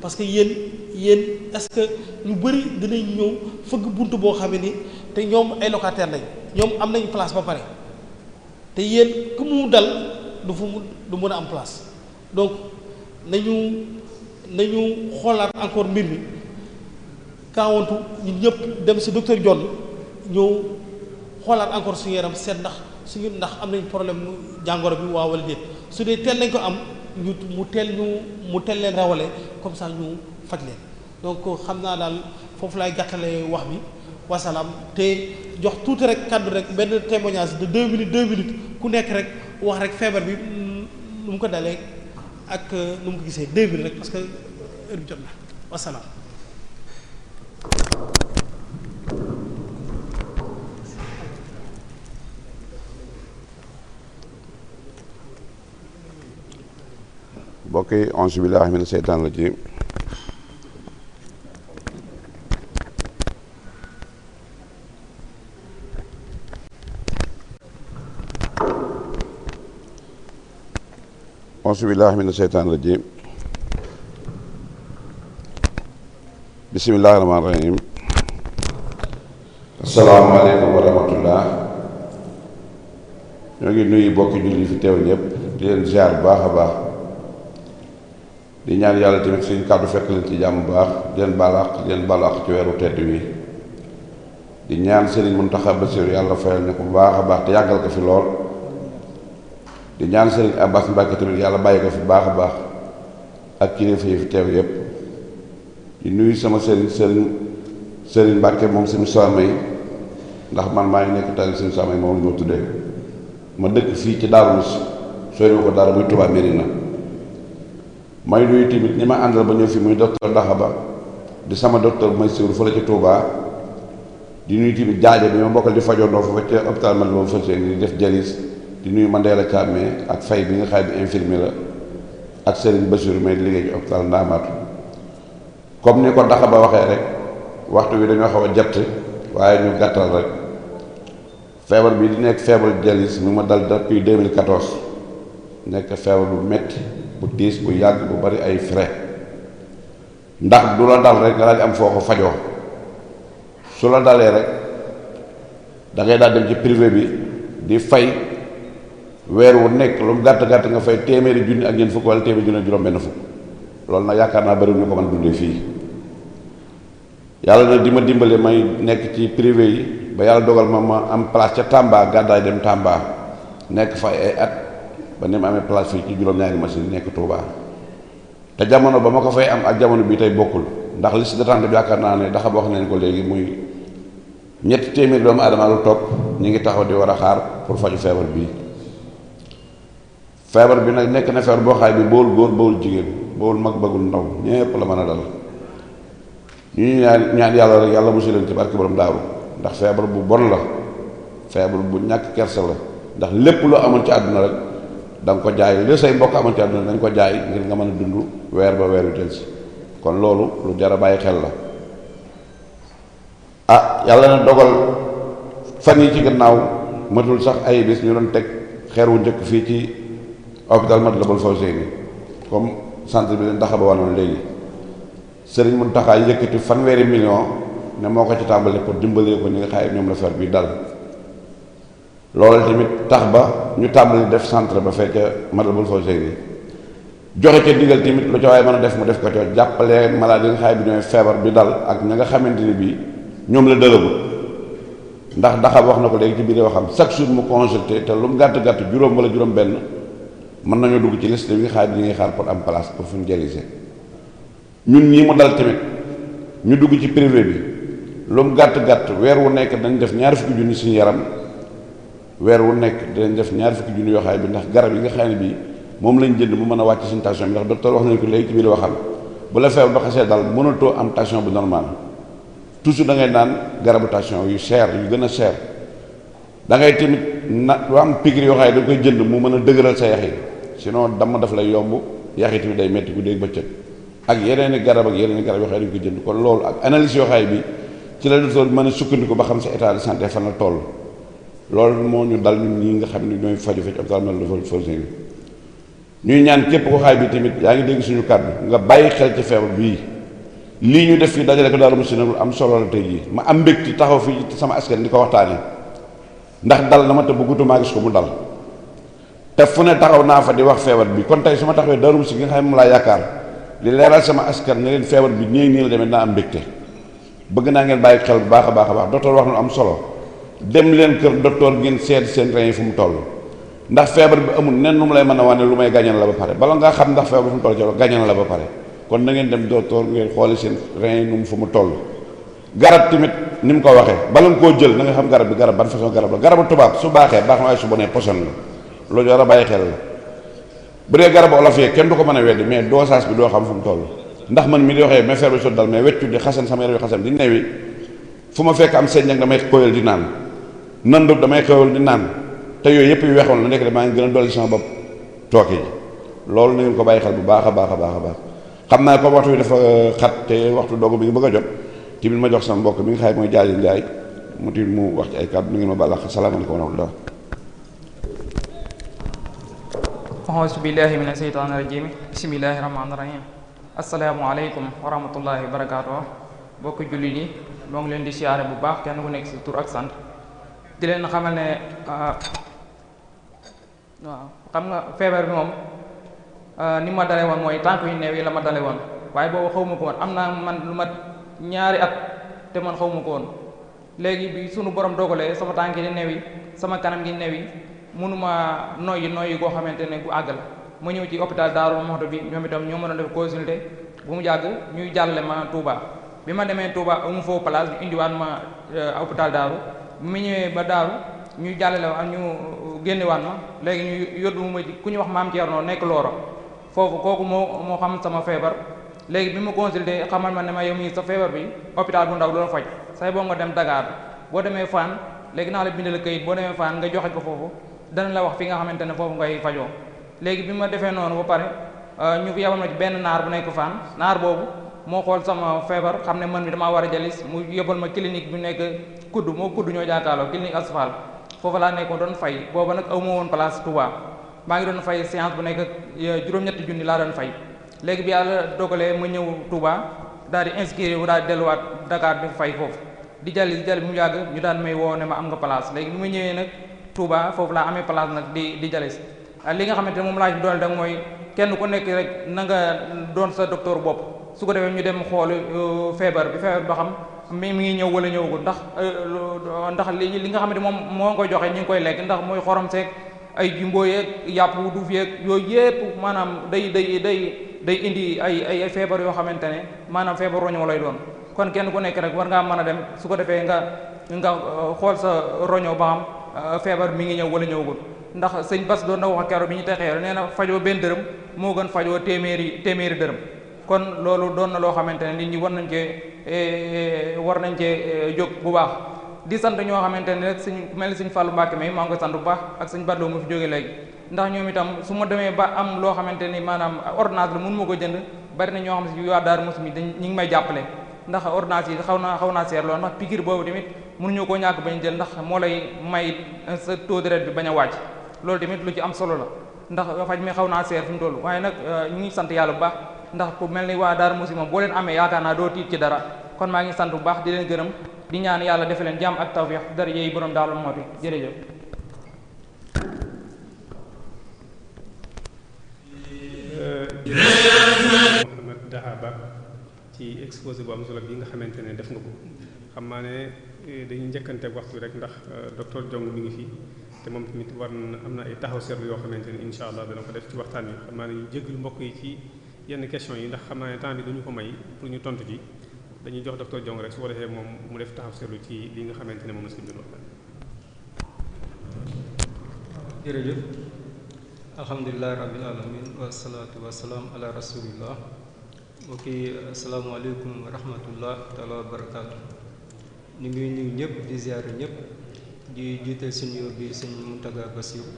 parce que yéen yéen est-ce que ñu bëri dinañ ñëw fëgg bunt boo xamee ni te ñoom ay locataire lañ ñoom am nañu place ba pare te yéen ku mu dal du fu mu du mun a am place donc nañu nañu xoolaat encore mbir mi kaawantu ñu ñëpp dem si docteur John ñëw xoolaat encore suñu yaram seet ndax suñu ndax am nañ problème mu jàngoro bi waaw wala déet su dee teel nañ ko am mu teel ñu mu teel leen rawale comme ça ñu faj leen donc xam naa daal foofu laay gàttale wax bi. wasalaam te jox tuuti rek kàddu rek benn témoignage de deux minutes deux minutes ku nekk rek wax rek feebar bi nu mu ko dalee ak euh, nu mu ko gisee deux minutes rek parce que heure bi jot na wasalaam. mbokk yi axusubillahi min asheytaan irajim bismillahi rahmaani rahim asalaamaaleykum wa rahmatullah ñoo ngi nuyu bokki julli fi teew ñëpp leen ziar bu baax a baax di ñaan yàlla tamit suñ kàddu fekk leen ci jàmm baax di leen balaax leen balaax ci weeru tedd wi di ñaan Sëriñ Muntaxa Basiru yàlla fayal ñu ko bu baax a baax te yàggal ko fi lool di ñaan Serigne Abbas Mbacke tamit yàlla bàyyi ko fi baax a baax ak kilifa yi fi teew yépp di nuyu sama Serigne Serigne Serigne Mbacke moom suñu soamay ndax man maa ngi nekk tali suñu soamay moom la ma tuddee ma dëkk fii ci Darou Mouhty sooy ko dara muy Touba Mérina may nuyu tamit ñi ma àndal ba ñëw fii muy docteur ba di sama docteur bu may siiwul fële ci Touba di nuyu tamit jaaje bi ma bokkal di fajoo doo fa ca hôpital man loolu fas yéene def jalis di nuyu Mandela Kamé ak fay bi nga xam ne infirmier la ak Serigne Bassirou may liggéey ci hôpital Ndamatou comme ni ko daxa ba waxee rek waxtu bi dañoo xaw a jàpp waaye ñu gàttal rek feebar bi di nekk feebar dialyse mi ma dal depuis 2014 nekk feebar bu metti bu diis bu yàgg bu bari ay frais ndax du la dal rek nga daal am foo ko fajoo su la dalee rek da ngay daal dem ci privé bi di fay. weer wu nekk lu mu gàtt-gàtt nga fay téeméeri junni ak ñeent fukk wala téeméeri junni ak juróom benn fukk loolu nag yaakaar naa bëri ñu ko mën dundee fii yàlla na di ma dimbalee may nekk ci privé yi ba yàlla dogal ma ma am place ca Tamba gàddaay dem Tamba nekk fa ay at ba ni ma amee place fii ci juróom-ñaari machine nekk Touba te jamono ba ma ko fay am ak jamono bi tey bokkul ndax liste d'attente bi yaakaar naa ne daxa wax nañ ko léegi muy ñetti téeméeri doomu aadama lu ñu ngi taxaw di war a xaar pour faju feebar bii feebar bi nag nekk na feebar boo xaay bi bool góor bool jigéen bool mag bëggul ndaw ñépp la mën a dal ñu ñu ñaan yàlla rek yàlla bu leen ci barke borom daaru ndax feebar bu bon la feebar bu ñàkk kersa la ndax lépp lu amoon ci àdduna rek da ko jaay li say mbokk amoon ci àdduna dañ ko jaay ngir nga mën a dund weer ba weer wi teel si kon loolu lu jar a bàyyi xel la ah yàlla na dogal fan yi ci gannaaw matul sax ay bis ñu doon teg xeer wu njëkk ci hôpital Matlaboul Fawzeyni comme centre bi leen taxa ba wanoon léegi sëriñ Mountakha yëkkati fanweeri million ne moo ko ci tàmbale pour dimbalee ko ñi nga xaye ñoom la fer bi dal loolu tamit tax ba ñu tàmbali def centre ba fekk Matlaboul Fawzeyni joxe ca digal tamit lu ca waaye mën a def mu def ko ca jàppale malade yi nga xaye bi ñooy feebar bi dal ak ña nga xamante ni bii ñoom la dëlagul ndax daxab wax na ko léegi ci biir waxam chaque jour mu consulté te lu mu gàtt gàtt juróom wala juróom mën nañoo dugg ci liste bi xaar ñi ngay xaar pour am place pour fu ñu jëlisee ñun ñii mu dal tamit ñu dugg ci privé bi lu mu gàtt-gàtt weer wu nekk dañ def ñaar fukki junni suñu yaram weer wu nekk dinañ def ñaari fukki junni yoo xaay bi ndax garab yi nga xam ne bii moom lañ jënd mu mën a wàcc suñu tension bi ndax docteur wax nañ ko léegi ci biir waxam bu la feebar ba xasee daal mënatoo am tension bu normal toujours da ngay naan garabu tension yu cher yu gën cher da ngay tamit na am piqûre yoo xam ne koy jënd mu mën a dëgëral sa yax sinon damm daf lay yomb yaxit bi day métti ba bëccëg ak yeneen i garab ak yeneen i garab yoo xam ne ko jënd kon loolu ak analyse yoo xam bi ci la docteur bi mën a sukkandiku ba xam sa état de santé fan la toll loolu moo ñu dal ñun nga xam ne ñooy faju faj hôpital Matlaboul Fawzayni ñuy ñaan képp ko bi tamit yaa ngi dégg suñu kàddu nga bàyyi xel ci feebar bii lii ñu def fi dajale ko daal monsieur am solo la tey jii ma am mbégte taxaw fii sama askan di ko waxtaanee ndax dal na ma te bëggutumaa gis ko mu dal te fu ne taxaw naa fa di wax feebar bi kon tey su ma taxawee darum si nga xam ne moom laa yaakaar di leeral sama askan ne leen feebar bi nii nii demee naa am mbégte bëgg naa ngeen bàyyi xel bu baax a baax a baax docteur wax na am solo dem leen kër docteur ngeen seet seen rein yi fu toll ndax feebar bi amul nen nu mu lay mën a wane lu may gàññal la ba pare bala ngaa xam ndax feebar bi fu mu toll la ba pare kon na ngeen dem docteur ngeen xoole seen rein yi nu mu fu mu toll garab tamit ni mu ko waxee bala nga koo jël nga xam garab bi garab ban façon garab la garabu tubaab su baaxee baax na waaye su bonee poison la loolu war bàyyi xel la bu dee garabu olof kenn du ko mën a weddi mais dosage bi doo fu mu toll ndax man mi di waxee ma feebar sot dal mais weccu di ma fekk am seen nag damay xëyal di naan nandu damay xëyal di naan te yooyu yëpp yu weexoon la nekk de maa ngi gën a dolli sama bopp tooke yi loolu na ko bàyyi xel bu baax a baax a baax a baax xam naa ko waxtu bi dafa euh, xat te waxtu doogu bi ngi bëgg a jot timit ma jox sama mbokk mi ngi xaay mooy jaaji njaay mu timit mu wax ci ay kàddu ni ngeen ma bàllax salaamaaleykum wa rahmatullah axusu billahi min asheytaan irajim bismillahi rahmaani rahim asalaamaaleykum wa rahmatullahi wa barakaatu bokk jullit yi moo ngi leen di siyaare bu baax kenn ku nekk si tur ak sant di leen xamal ne waaw xam nga feebar bi moom ni ma dale woon mooy tànk yu neew yi la ma dale woon waaye boobu xaw ma ko woon am naa man lu mat ñaari at te man xaw ma ko léegi bi sunu borom dogalee sama tànk di neew yi sama kanam gi neew yi mënuma noyyi noyyi koo xamante ne gu àgg la ma ñëw ci hôpital Darou Mouhty bi ñoom itam ñoo ma a def consulté bu mu jàgg ñuy jàllale ma Touba bi ma demee Touba amu foofu place ñu indiwaat ma euh, hôpital Darou mu ñëwee ba Darou ñu jàllale ak ñu euh, génnewaat léegi ñu yóbbu ma ku ñu wax maam Thierno nekk Looro foofu kooku moo moo xam sama feebar léegi bi ma consulté xamal ma ne ma yow mii sa feebar bi hôpital bu ndaw du la faj say boo nga dem Dakar boo demee Fann léegi naa la bindal kayit boo demee Fann nga joxe ko foofu danañ la wax fi nga xamante ne foofu ngay fajoo léegi bi ma defee noonu ba pare euh, ñu yebal ma ci benn naar bu nekk fan naar boobu moo xool sama feebar xam ne man mi dama war a jalis mu yebal ma clinique bu nekk kudd moo kudd ñoo jaakaaloo clinique asphal foofu laa nekkoo doon fay booba nag aw ma woon place Touba maa ngi doon fay séance bu nekk euh, juróom-ñetti junni laa doon fay léegi bi yàlla dogalee ma ñëw Touba daal di inscrire wu daal delluwaat Dakar di fay foofu di jalis jal bi mu ñu daan may ne ma am nga place léegi bi ma ñëwee nag Touba foofu laa amee place nag di di jales ah, li nga xamante ne moom laa ci doon rek mooy kenn ku nekk rek na doon sa docteur bopp su ko defee ñu dem xool euh, feebar bi feebar ba xam mi mi ngi ñëw wala ñëwagul ndax euh, ndax li li nga xamante moom moo ngi koy joxe ñu ngi koy lekk ndax mooy xorom seeg ay jumbo yeeg yàpp duuf yeeg yooyu yépp maanaam day day day day indi ay ay feebar yoo xamante ne maanaam feebar roñoo lay doon kon kenn ku nekk rek war ngaa mën a dem su ko defee nga nga euh, xool sa roñoo ba xam Euh, feebar mi ngi ñëw wala ñëwagul ndax sëñ bas doon na wax keroog bi ñu texee nee na fajoo benn dërëm moo gën faj téeméeri téeméeri dërëm kon loolu doon na loo xamante ne nit ñi war nañ cee eh, war nañ cee eh, jóg bu baax di sant ñoo xamante ne rek suñ mel ni suñ Fallou Mbacke may maa ngi koy sant baax ak suñ Badloo mu léegi ndax ñoom itam su ma demee ba am loo xamante ni maanaam ordonnance la mun ma ko jënd bari na ñoo xam ne si waa Daaru Muxti mi dañ ñi ngi may jàppale ndax ordonnance yi xaw naa xaw naa seer lool ndax piqûre boobu tamit mënuñu koo ñàkk bañ jël ndax moo lay may sa taux de bi bañ a wàcc loolu tamit lu ci am solo la ndax faj mi xaw naa seer fi mu toll waaye nag euh, ñu ngi sant yàlla bu baax ndax ku mel ni waa Darou Mousty moom boo leen amee yaakaar naa doo tiit ci dara kon maa ngi sant bu baax di leen gërëm di ñaan yàlla defe leen jàmm ak tawfeex dara yeey borom daal moo fi jërëjëf. Mouhamed Dahaba ci exposé bu am bi nga xamante ne def nga ko Eh, dañuy njëkkante waxtu bi rek ndax eh, docteur Diong mi ngi fi te moom tamit war na am na ay taxaw seetlu yoo xamante ni incha allah dana ko def ci waxtaan wi xam naa ne ñu jégalu mbokk yi ci yenn question yi ndax xam naa ne temps bi duñu ko may pour ñu tontu ji dañuy jox docteur Diong rek su ko defee moom mu def taxaw seetlu ci li nga xamante ne moom la si doon waxtaan. jërëjëf alhamdulilah rabbil alamin wasalaatu wasalaam ala rasulillah mbokk yi asalaamaaleykum ñu ngi nuyu ñëpp di ziare ñëpp di jiital si yóbbu bi suñu Mountaga Bassirou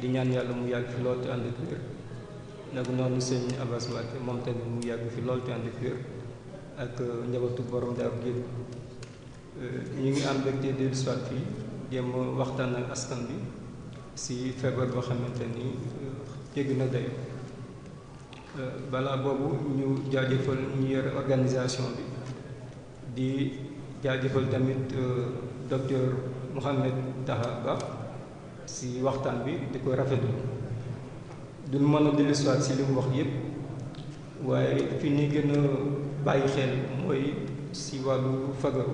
di ñaan yàlla mu yàgg fi lool ci ànd ak wér nag noonu sëñ Abass Mbacké moom tamit mu yàgg fi lool ci ànd ak wér ak euh, njabootu borom daaru génn euh, ñu ngi am mbégte dellu si waat fii jéem waxtaan ak askan bi si feebar boo xamante ni euh, jégg na dayo balaa boobu ñu jaajëfal ñu yore organisation bi di jaajëfal tamit euh, docteur Mouhamed Taha Ba si waxtaan bi di ko rafetlu duñ mën a dellusiwaat si li mu wax yëpp waaye fi ñuy gën a bàyyi xel mooy si wàllu fagaru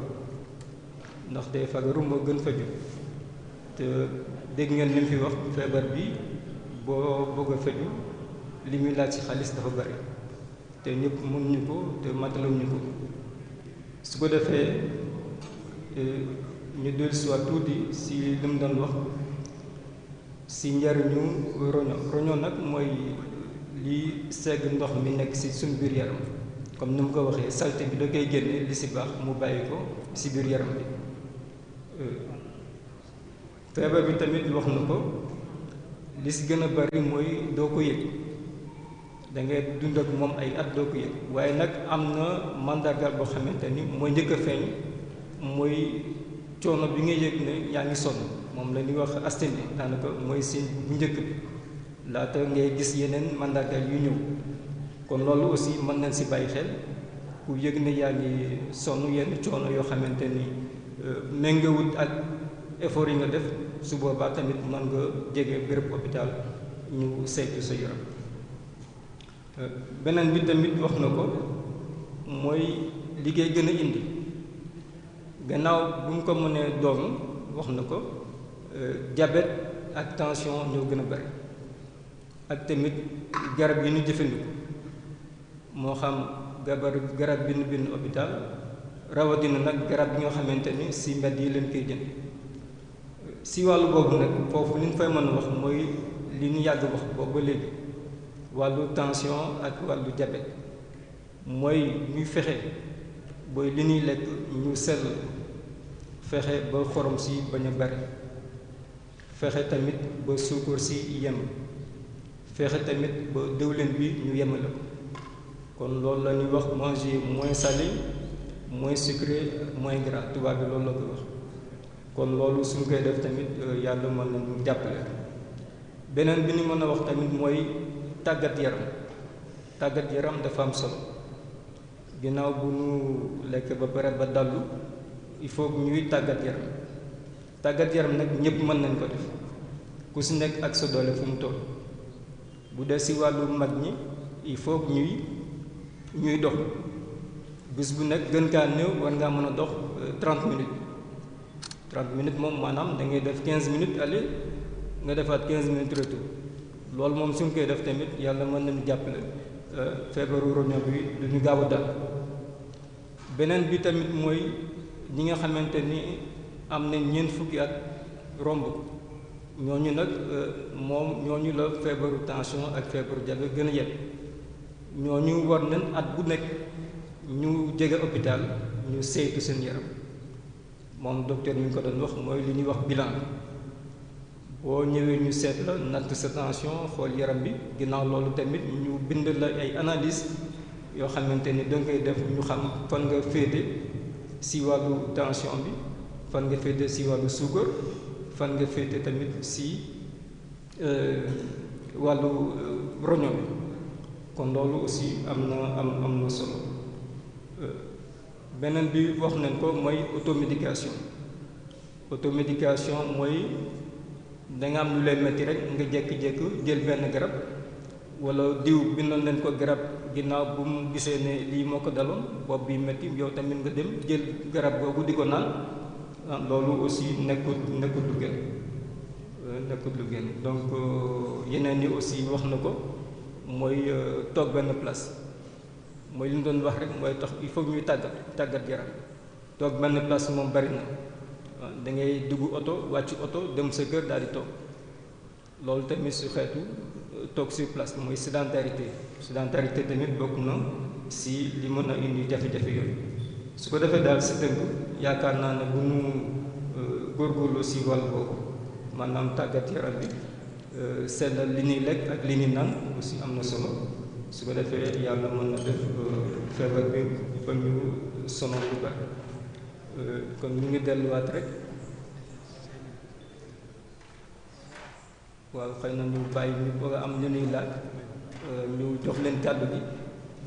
ndaxte fagaru moo gën faju te dégg ngeen li fi wax feebar bi boo bëgg a li muy laaj si xaalis dafa bari te ñëpp mënuñu ko te mataluñu ko su ko defee ñu dellusiwaat tuuti si li mu doon wax si njariñu roño roño nag mooy li segg ndox mi nekk si suñu biir yaram comme ni mu ko waxee salte bi da koy génne li si baax mu bàyyi ko si biir yaram bi euh, feebar bi tamit wax na ko li si gën a bari mooy doo ko yëg da ngay dund ak moom ay at doo ko yëg waaye nag am na mandargal boo xamante ni mooy njëkk a feeñ mooy coono bi nga yëg ne yaa ngi sonn moom la ñuy wax asthénie daanaka mooy signe bu njëkk bi laata ngay gis yeneen mandargal yu ñëw kon loolu aussi mën nañ si bàyyi xel ku yëg ne yaa ngi sonn yenn coono yoo xamante ni euh, méngawut ak effort yi nga def su boobaa tamit mën nga jege béréb hôpital ñu saytu sa yaram. beneen bi tamit wax na ko mooy liggéey gën a indi gannaaw bu mu ko mënee doom wax na ko euh, diabète ak tension ñoo gën a bari ak tamit garab yi ñu jëfandikoo moo xam gabar garab bi ñu bind hôpital rawatina nag garab bi nga xamante ni si mbedd yi leen koy jënd si wàllu boobu nag foofu li ñu fay mën a wax mooy li ñu yàgg wax boobu ba léegi wàllu tension ak wàllu diabète mooy ñuy fexe booy li ñuy lekk ñu sell fexe ba forom si bañ a bari fexe tamit ba suukar si yem fexe tamit ba dëwlin bi ñu yemale ko kon loolu la ñuy wax manger moins salé mooy sucré moins gras tubaab bi loolu la koy wax kon loolu suñ koy def tamit euh, yàlla mën nañu jàppale beneen bi ñu mën a wax tamit mooy tàggat yaram tàggat yaram dafa am solo ginnaaw bu nu lekk ba pare ba dallu il faut que ñuy tàggat yaram tàggat yaram nag ñëpp mën nañ ko def ku si nekk ak sa doole fu mu toll bu dee si wàllu mag ñi il faut que ñuy ñuy dox bis bu nekk gën kaa néew war ngaa mën a dox 30 euh, minutes 30 minutes moom maanaam da ngay def 15 minutes aller nga defaat 15 minutes retour loolu moom suñ koy def tamit yàlla mën nañu jàppale euh, feebaru roño bi du ñu gaaw a dal beneen bi tamit mooy ñi nga xamante ni am nañ ñeent fukki at romb ñooñu nag euh, moom ñooñu la feebaru tension ak feebaru diabète gën a yeb ñooñu war nañ at bu nekk ñu jege hôpital ñu saytu seen yaram moom docteur mi ngi ko doon wax mooy li ñuy wax bilan boo ñëwee ñu seet la natt sa tension xool yaram bi ginnaaw loolu tamit ñu bind la ay analyse yoo xamante ni danga koy def ñu xam fan nga féete si wàllu tension bi fan nga féete si wàllu suukar fan nga féete tamit si euh, wàllu euh, roño bi kon loolu aussi am na am am na solo euh, beneen bi wax nañ ko mooy automédication automédication mooy danga am lu lay métti rek nga jékki-jékki jël benn garab wala diw bindoon leen ko garab ginnaaw bu mu gisee ne lii moo ko daloo bopp bi métti yow tamit nga dem jël garab googu di ko naan ah, loolu aussi nekkut nekkut lu gën euh, nekkut lu gën donc euh, yeneen yi aussi wax na ko mooy euh, toog benn place mooy li ñu doon wax rek mooy tax il faut ñuy tàggat tàggat yaram toog benn place moom bari na. da ngay dugg oto wàcc oto dem sa kër daal di toog loolu tamit su xeetu euh, toog sur place mooy sédentarité sédentarité tamit bokk na si li mën na indi jafe-jafe yooyu su ko defee daal si tënk yaakaar naa ne bu góor euh, góorgóorlu si wàll boobu man maanaam tàggat yaram bi euh, sellal li ñuy lekk ak li ñuy naan aussi am na solo su ko defee yàlla mën na def feebar bi ba ñu sonal lu bari kon ñu ngi delluwaat rek waaw xëy na ñu bàyyi ñu bëgg a am ñu nuy laaj euh, ñu jox leen kàddu gi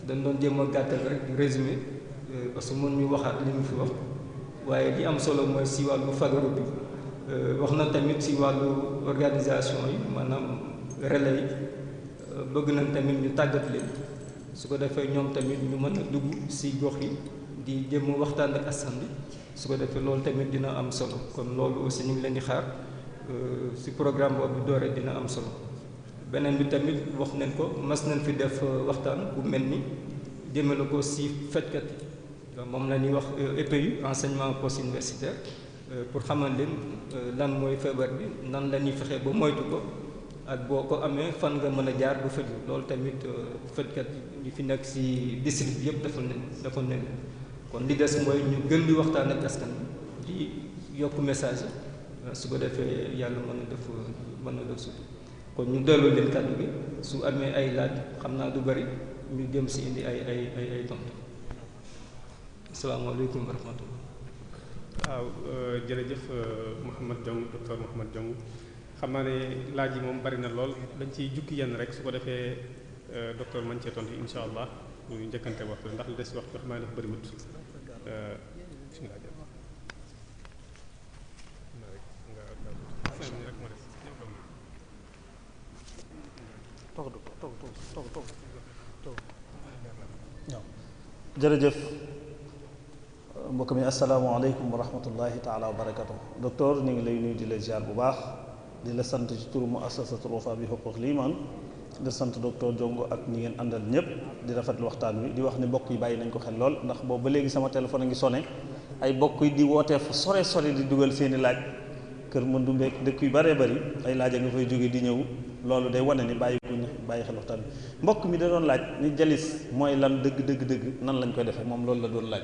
dañ doon jéem a gàttal rek résumé euh, parce que mën ñu waxaat li ñu fi wax waaye li am solo mooy si wàllu fagaru bi euh, wax na tamit si wàllu organisation yi maanaam relais yi bëgg nañ tamit ñu tàggat leen su ko defee ñoom tamit ñu mën a dugg si gox yi di jéem waxtaan ak askan bi su ko defee loolu tamit dina am solo kon loolu aussi ñu leen di xaar. Euh, si programme boobu doore dina am solo beneen bi tamit wax nañ ko mas nañ fi def euh, waxtaan bu mel ni jëmale ko si fajkat yi moom la ñuy wax euh, EPU enseignement post universitaire pour xamal leen lan mooy feebar bi nan la ñuy fexe ba moytu ko ak boo ko amee fan nga mën a jaar bu faju loolu tamit fajkat ñi fi nekk si district yëpp defal nañ defal nañ kon li des mooy ñu gën di waxtaan ak askan di yokk message yi su ko defee yàlla mën na def mën na def sutu kon ñu dellu leen kàddu gi su amee ay laaj xam naa du bari ñu jëm si indi ay ay ay ay tontu asalaamaaleykum wa rahmatullah waaw euh, jërëjëf euh, Mouhamed Diong docteur Mouhamed jong xam naa ne laaj yi moom bari na lool dañ ciy jukki yenn rek su ko defee euh, docteur man cee tontu incha allah ñu njëkkante waxtu ndax li des waxtu xam naa ne dafa bëri wut jërëjëf mbokk mi asalaamaaleykum wa rahmatullahi taala wa barakatu docteur ñu ngi lay nuyu di la ziar bu baax dina sant ci turu muassasatul Wafa bi xuquq liimaan di sant docteur Jongo ak ñi ngeen àndal ñëpp di rafetlu waxtaan wi di wax ne bokk yi bàyyi nañ ko xel lool ndax boobu ba léegi sama téléphone a ngi sone ay mbokk yi di wootee fu sore sore di dugal seeni laaj kër Mandoumbe dëkk yu bëree bëri ay laaj nga fay jóge di ñëw loolu day wane ni bàyyi ko bàyyi xel waxtaan mbokk mi da doon laaj ni jaliis mooy lan dëgg dëgg dëgg nan lañ koy defee moom loolu la doon laaj.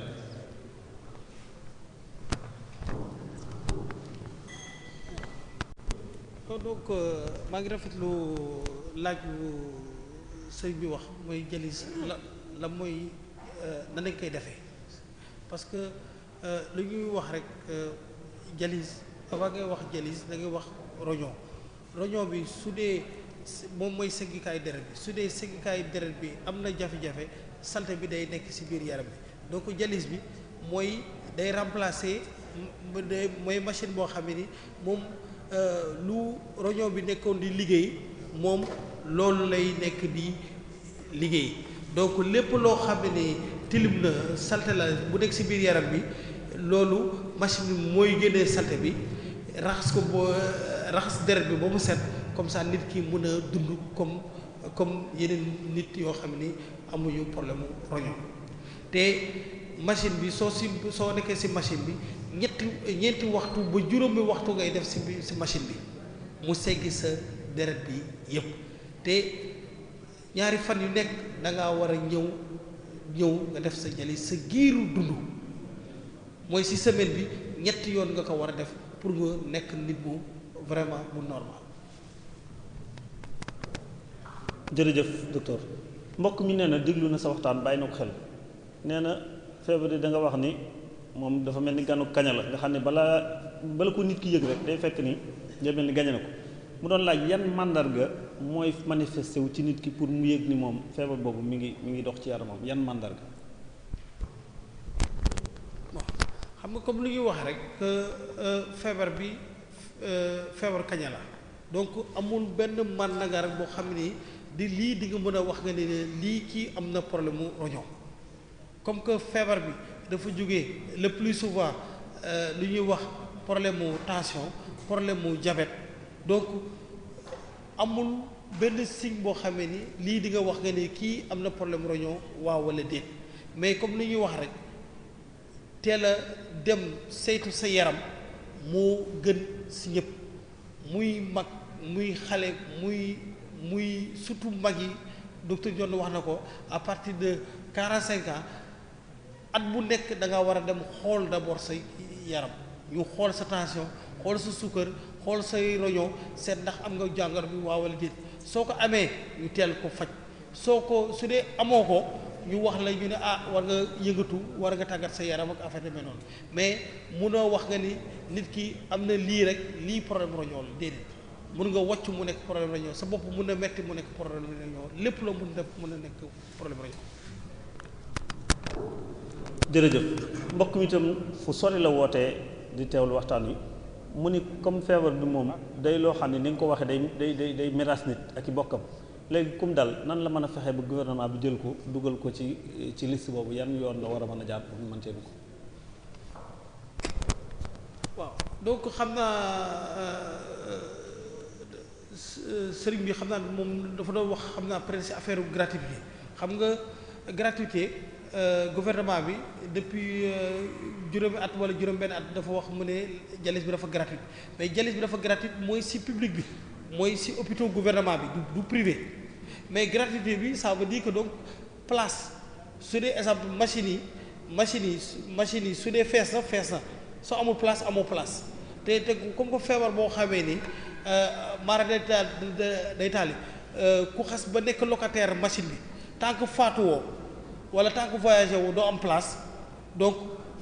kon donc euh, maa ngi rafetlu laaj bu sëñ bi wax mooy jalis la la mooy euh, nan lañ koy defe parce que euh, lu ñuy wax rek jalis. avant ngay wax dialyse da ngay wax roño roño bi su dee moom mooy sëggikaayu deret bi su dee sëggikaayu deret bi am na jafe-jafe salte bi day nekk ci biir yaram bi donc dialyse bi mooy day remplacer day machine boo xam ni moom euh, lu roño bi nekkoon di liggéey moom loolu lay nekk di liggéey donc lépp loo xam ne ni tilim na salte la bu nekk ci biir yaram bi loolu machine bi mooy génnee salte bi raxas ko boo raxas deret bi ba mu set comme ça nit ki mën a dund comme comme yeneen nit yoo xam ni amuñu problème mu te machine bi soo si soo nekkee si machine bi ñetti waxtu ba juróomi waxtu ngay def si si machine bi mu seggi sa deret bi yépp ñaari fan yu nekk da ngaa war a ñëw ñëw nga def sa jëli sa giiru dund mooy si semaine bi ñetti yoon nga ko war a def pour nga nekk nit bu vraiment bu normal jërëjëf docteur mbokk mi nee na déglu na sa waxtaan bàyyi na ko xel nee na feebar yi da nga wax ni moom dafa mel ni ganu kaña la nga xam ne balaa bala ko nit ki yëg rek day fekk ni day mel ni gañe na ko mu doon laaj yan màndarga mooy manifesté wu ci nit ki pour mu yëg ni moom feebar boobu mu ngi mi ngi dox ci moom yan màndarga xam comme lu ñuy wax rek que euh, feebar bi euh, feebar kaña la donc amul benn man na nga rek boo xam ni di lii di nga mën a wax nga ne lii kii am na problème mu roño comme que feebar bi dafa jóge le plus souvent euh, lu ñuy wax problème mu tension problème mu diabète donc amul benn signe boo xamee ni lii di nga wax nga ne kii am na problème roño waaw wala déet mais comme li ñuy wax rek teel a dem saytu sa yaram moo gën si ñëpp muy mag muy xale muy muy surtout mag yi docteur John wax na ko à partir de quarante cinq ans at bu nekk da nga war a dem xool d'abord sa yaram ñu xool sa tension xool sa sukkar xool sa roño seet ndax am nga jàngaro bi waawal wala soo ko amee ñu teel ko faj soo ko su dee amoo ko ñu wax la ne ah war nga yëngatu war nga tàggat sa yaram ak affaire demee noonu mais munoo wax nga ni nit ki am na lii rek lii problème roñool déedéet mun nga wàcc mu nekk problème roñool sa bopp mun na metti mu nekk problème roñool lépp loo mun def mun na nekk problème roñool jërëjëf mbokk mi itam fu sori la wootee di teewlu waxtaan wi mu ni comme feebar bi moom day loo xam ne ni nga ko waxee day day day day meras nit ak i bokkam léegi kum dal nan la mën a fexe ba gouvernement bi jël ko dugal ko ci ci list boobu yan yoon la war a mën a jàpp pour mën cee dugg. waaw donc xam naa euh, euh, sëriñ bi xam naa moom dafa doon wax xam naa presque affaire gratuité xam nga gratuité euh, gouvernement bi depuis juróomi at wala juróom-benn at dafa wax mu ne jalis bi dafa gratuit mais jalis bi dafa gratuit mooy si public bi. mooy si hôpitaux gouvernement bi du privé mais gratuité bi ça veut dire que donc place su dee exemple machine yi machine yi machines yi su dee fees na fees na soo amul place amoo place te te comme que feebar boo xamee ni euh, mara day taal day taali euh, ku xas ba nekk locataire machine bi tant que faatu woo wala tant que voyagé woo doo am place donc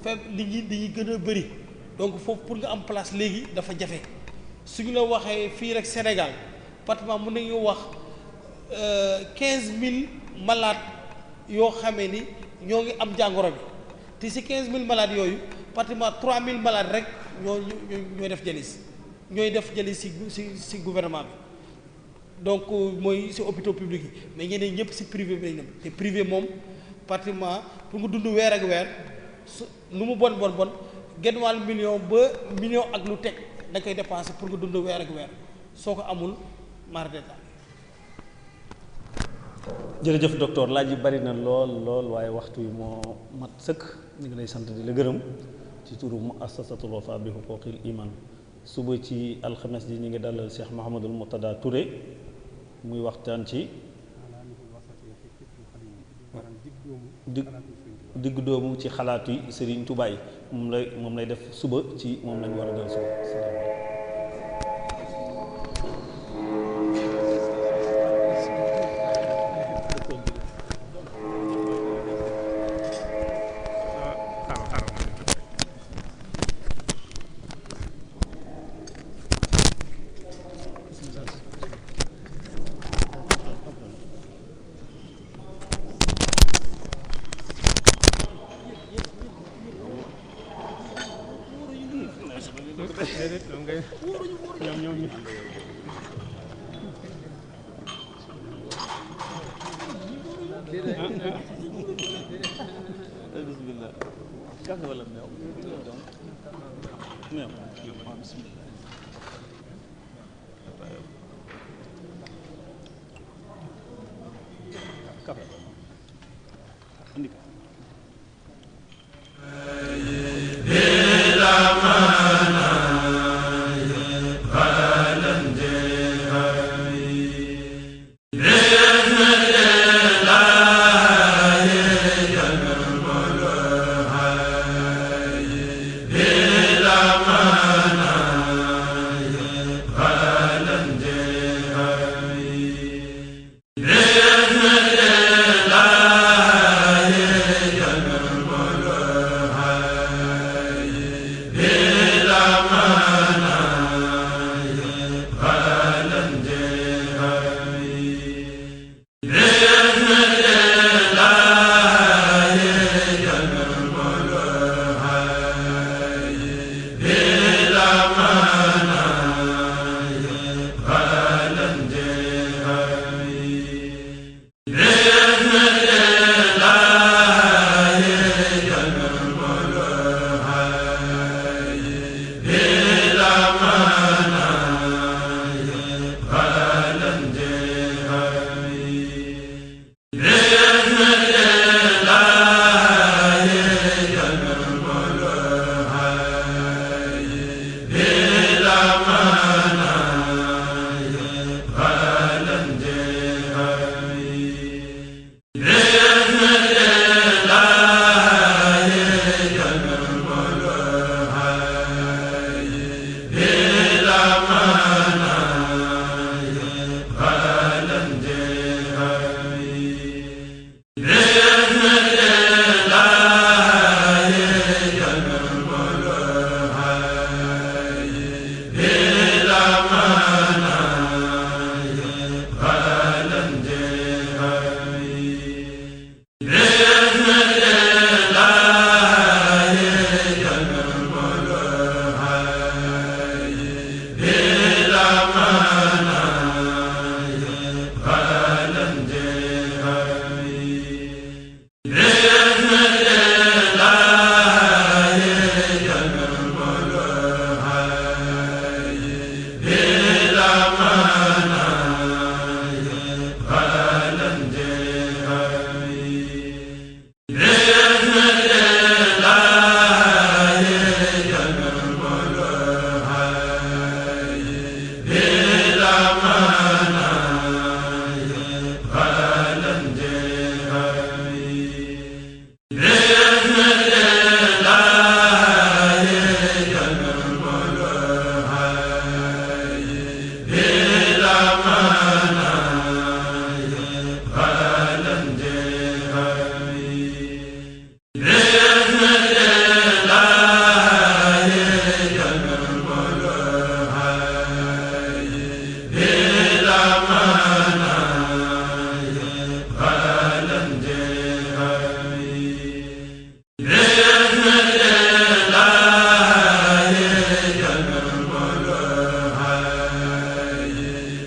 feeb nit ñi dañuy gën a bëri donc foofu pour nga am place léegi dafa jafe suñu la waxee fii rek Sénégal pratiquement mën nañu wax euh, quinze mille malades yoo xamee ni ñoo ngi am jàngoro bi te si quinze mille malades yooyu pratiquement trois mille malades rek ñoo ñooy def dialyse ñooy def dialyse si si si gouvernement bi donc euh, mooy si hôpitaux publics yi mais ñeneen ñëpp si privé bi lañ dem te privé moom pratiquement pour nga dund weer ak weer su lu mu bon bon bon genn wàll million ba million ak lu teg. da koy pour nga dund weer ak weer soo ko amul mar d'état jërëjëf docteur laaj yi bari na lool lool waaye waxtu yi moo mat sëkk ñu ngi lay sant di la gërëm ci turu muassasatul wafa bi huquqil iman suba ci alxames ji ñu ngi dalal Cheikh Mahamadul Murtada Touré muy waxtaan ci dig diggu doomu ci xalaatu Serigne Touba yi moom lay moom lay def suba ci moom lañu war a dal suba salaamaaleykum Kahve wala meew. Meew. Ah,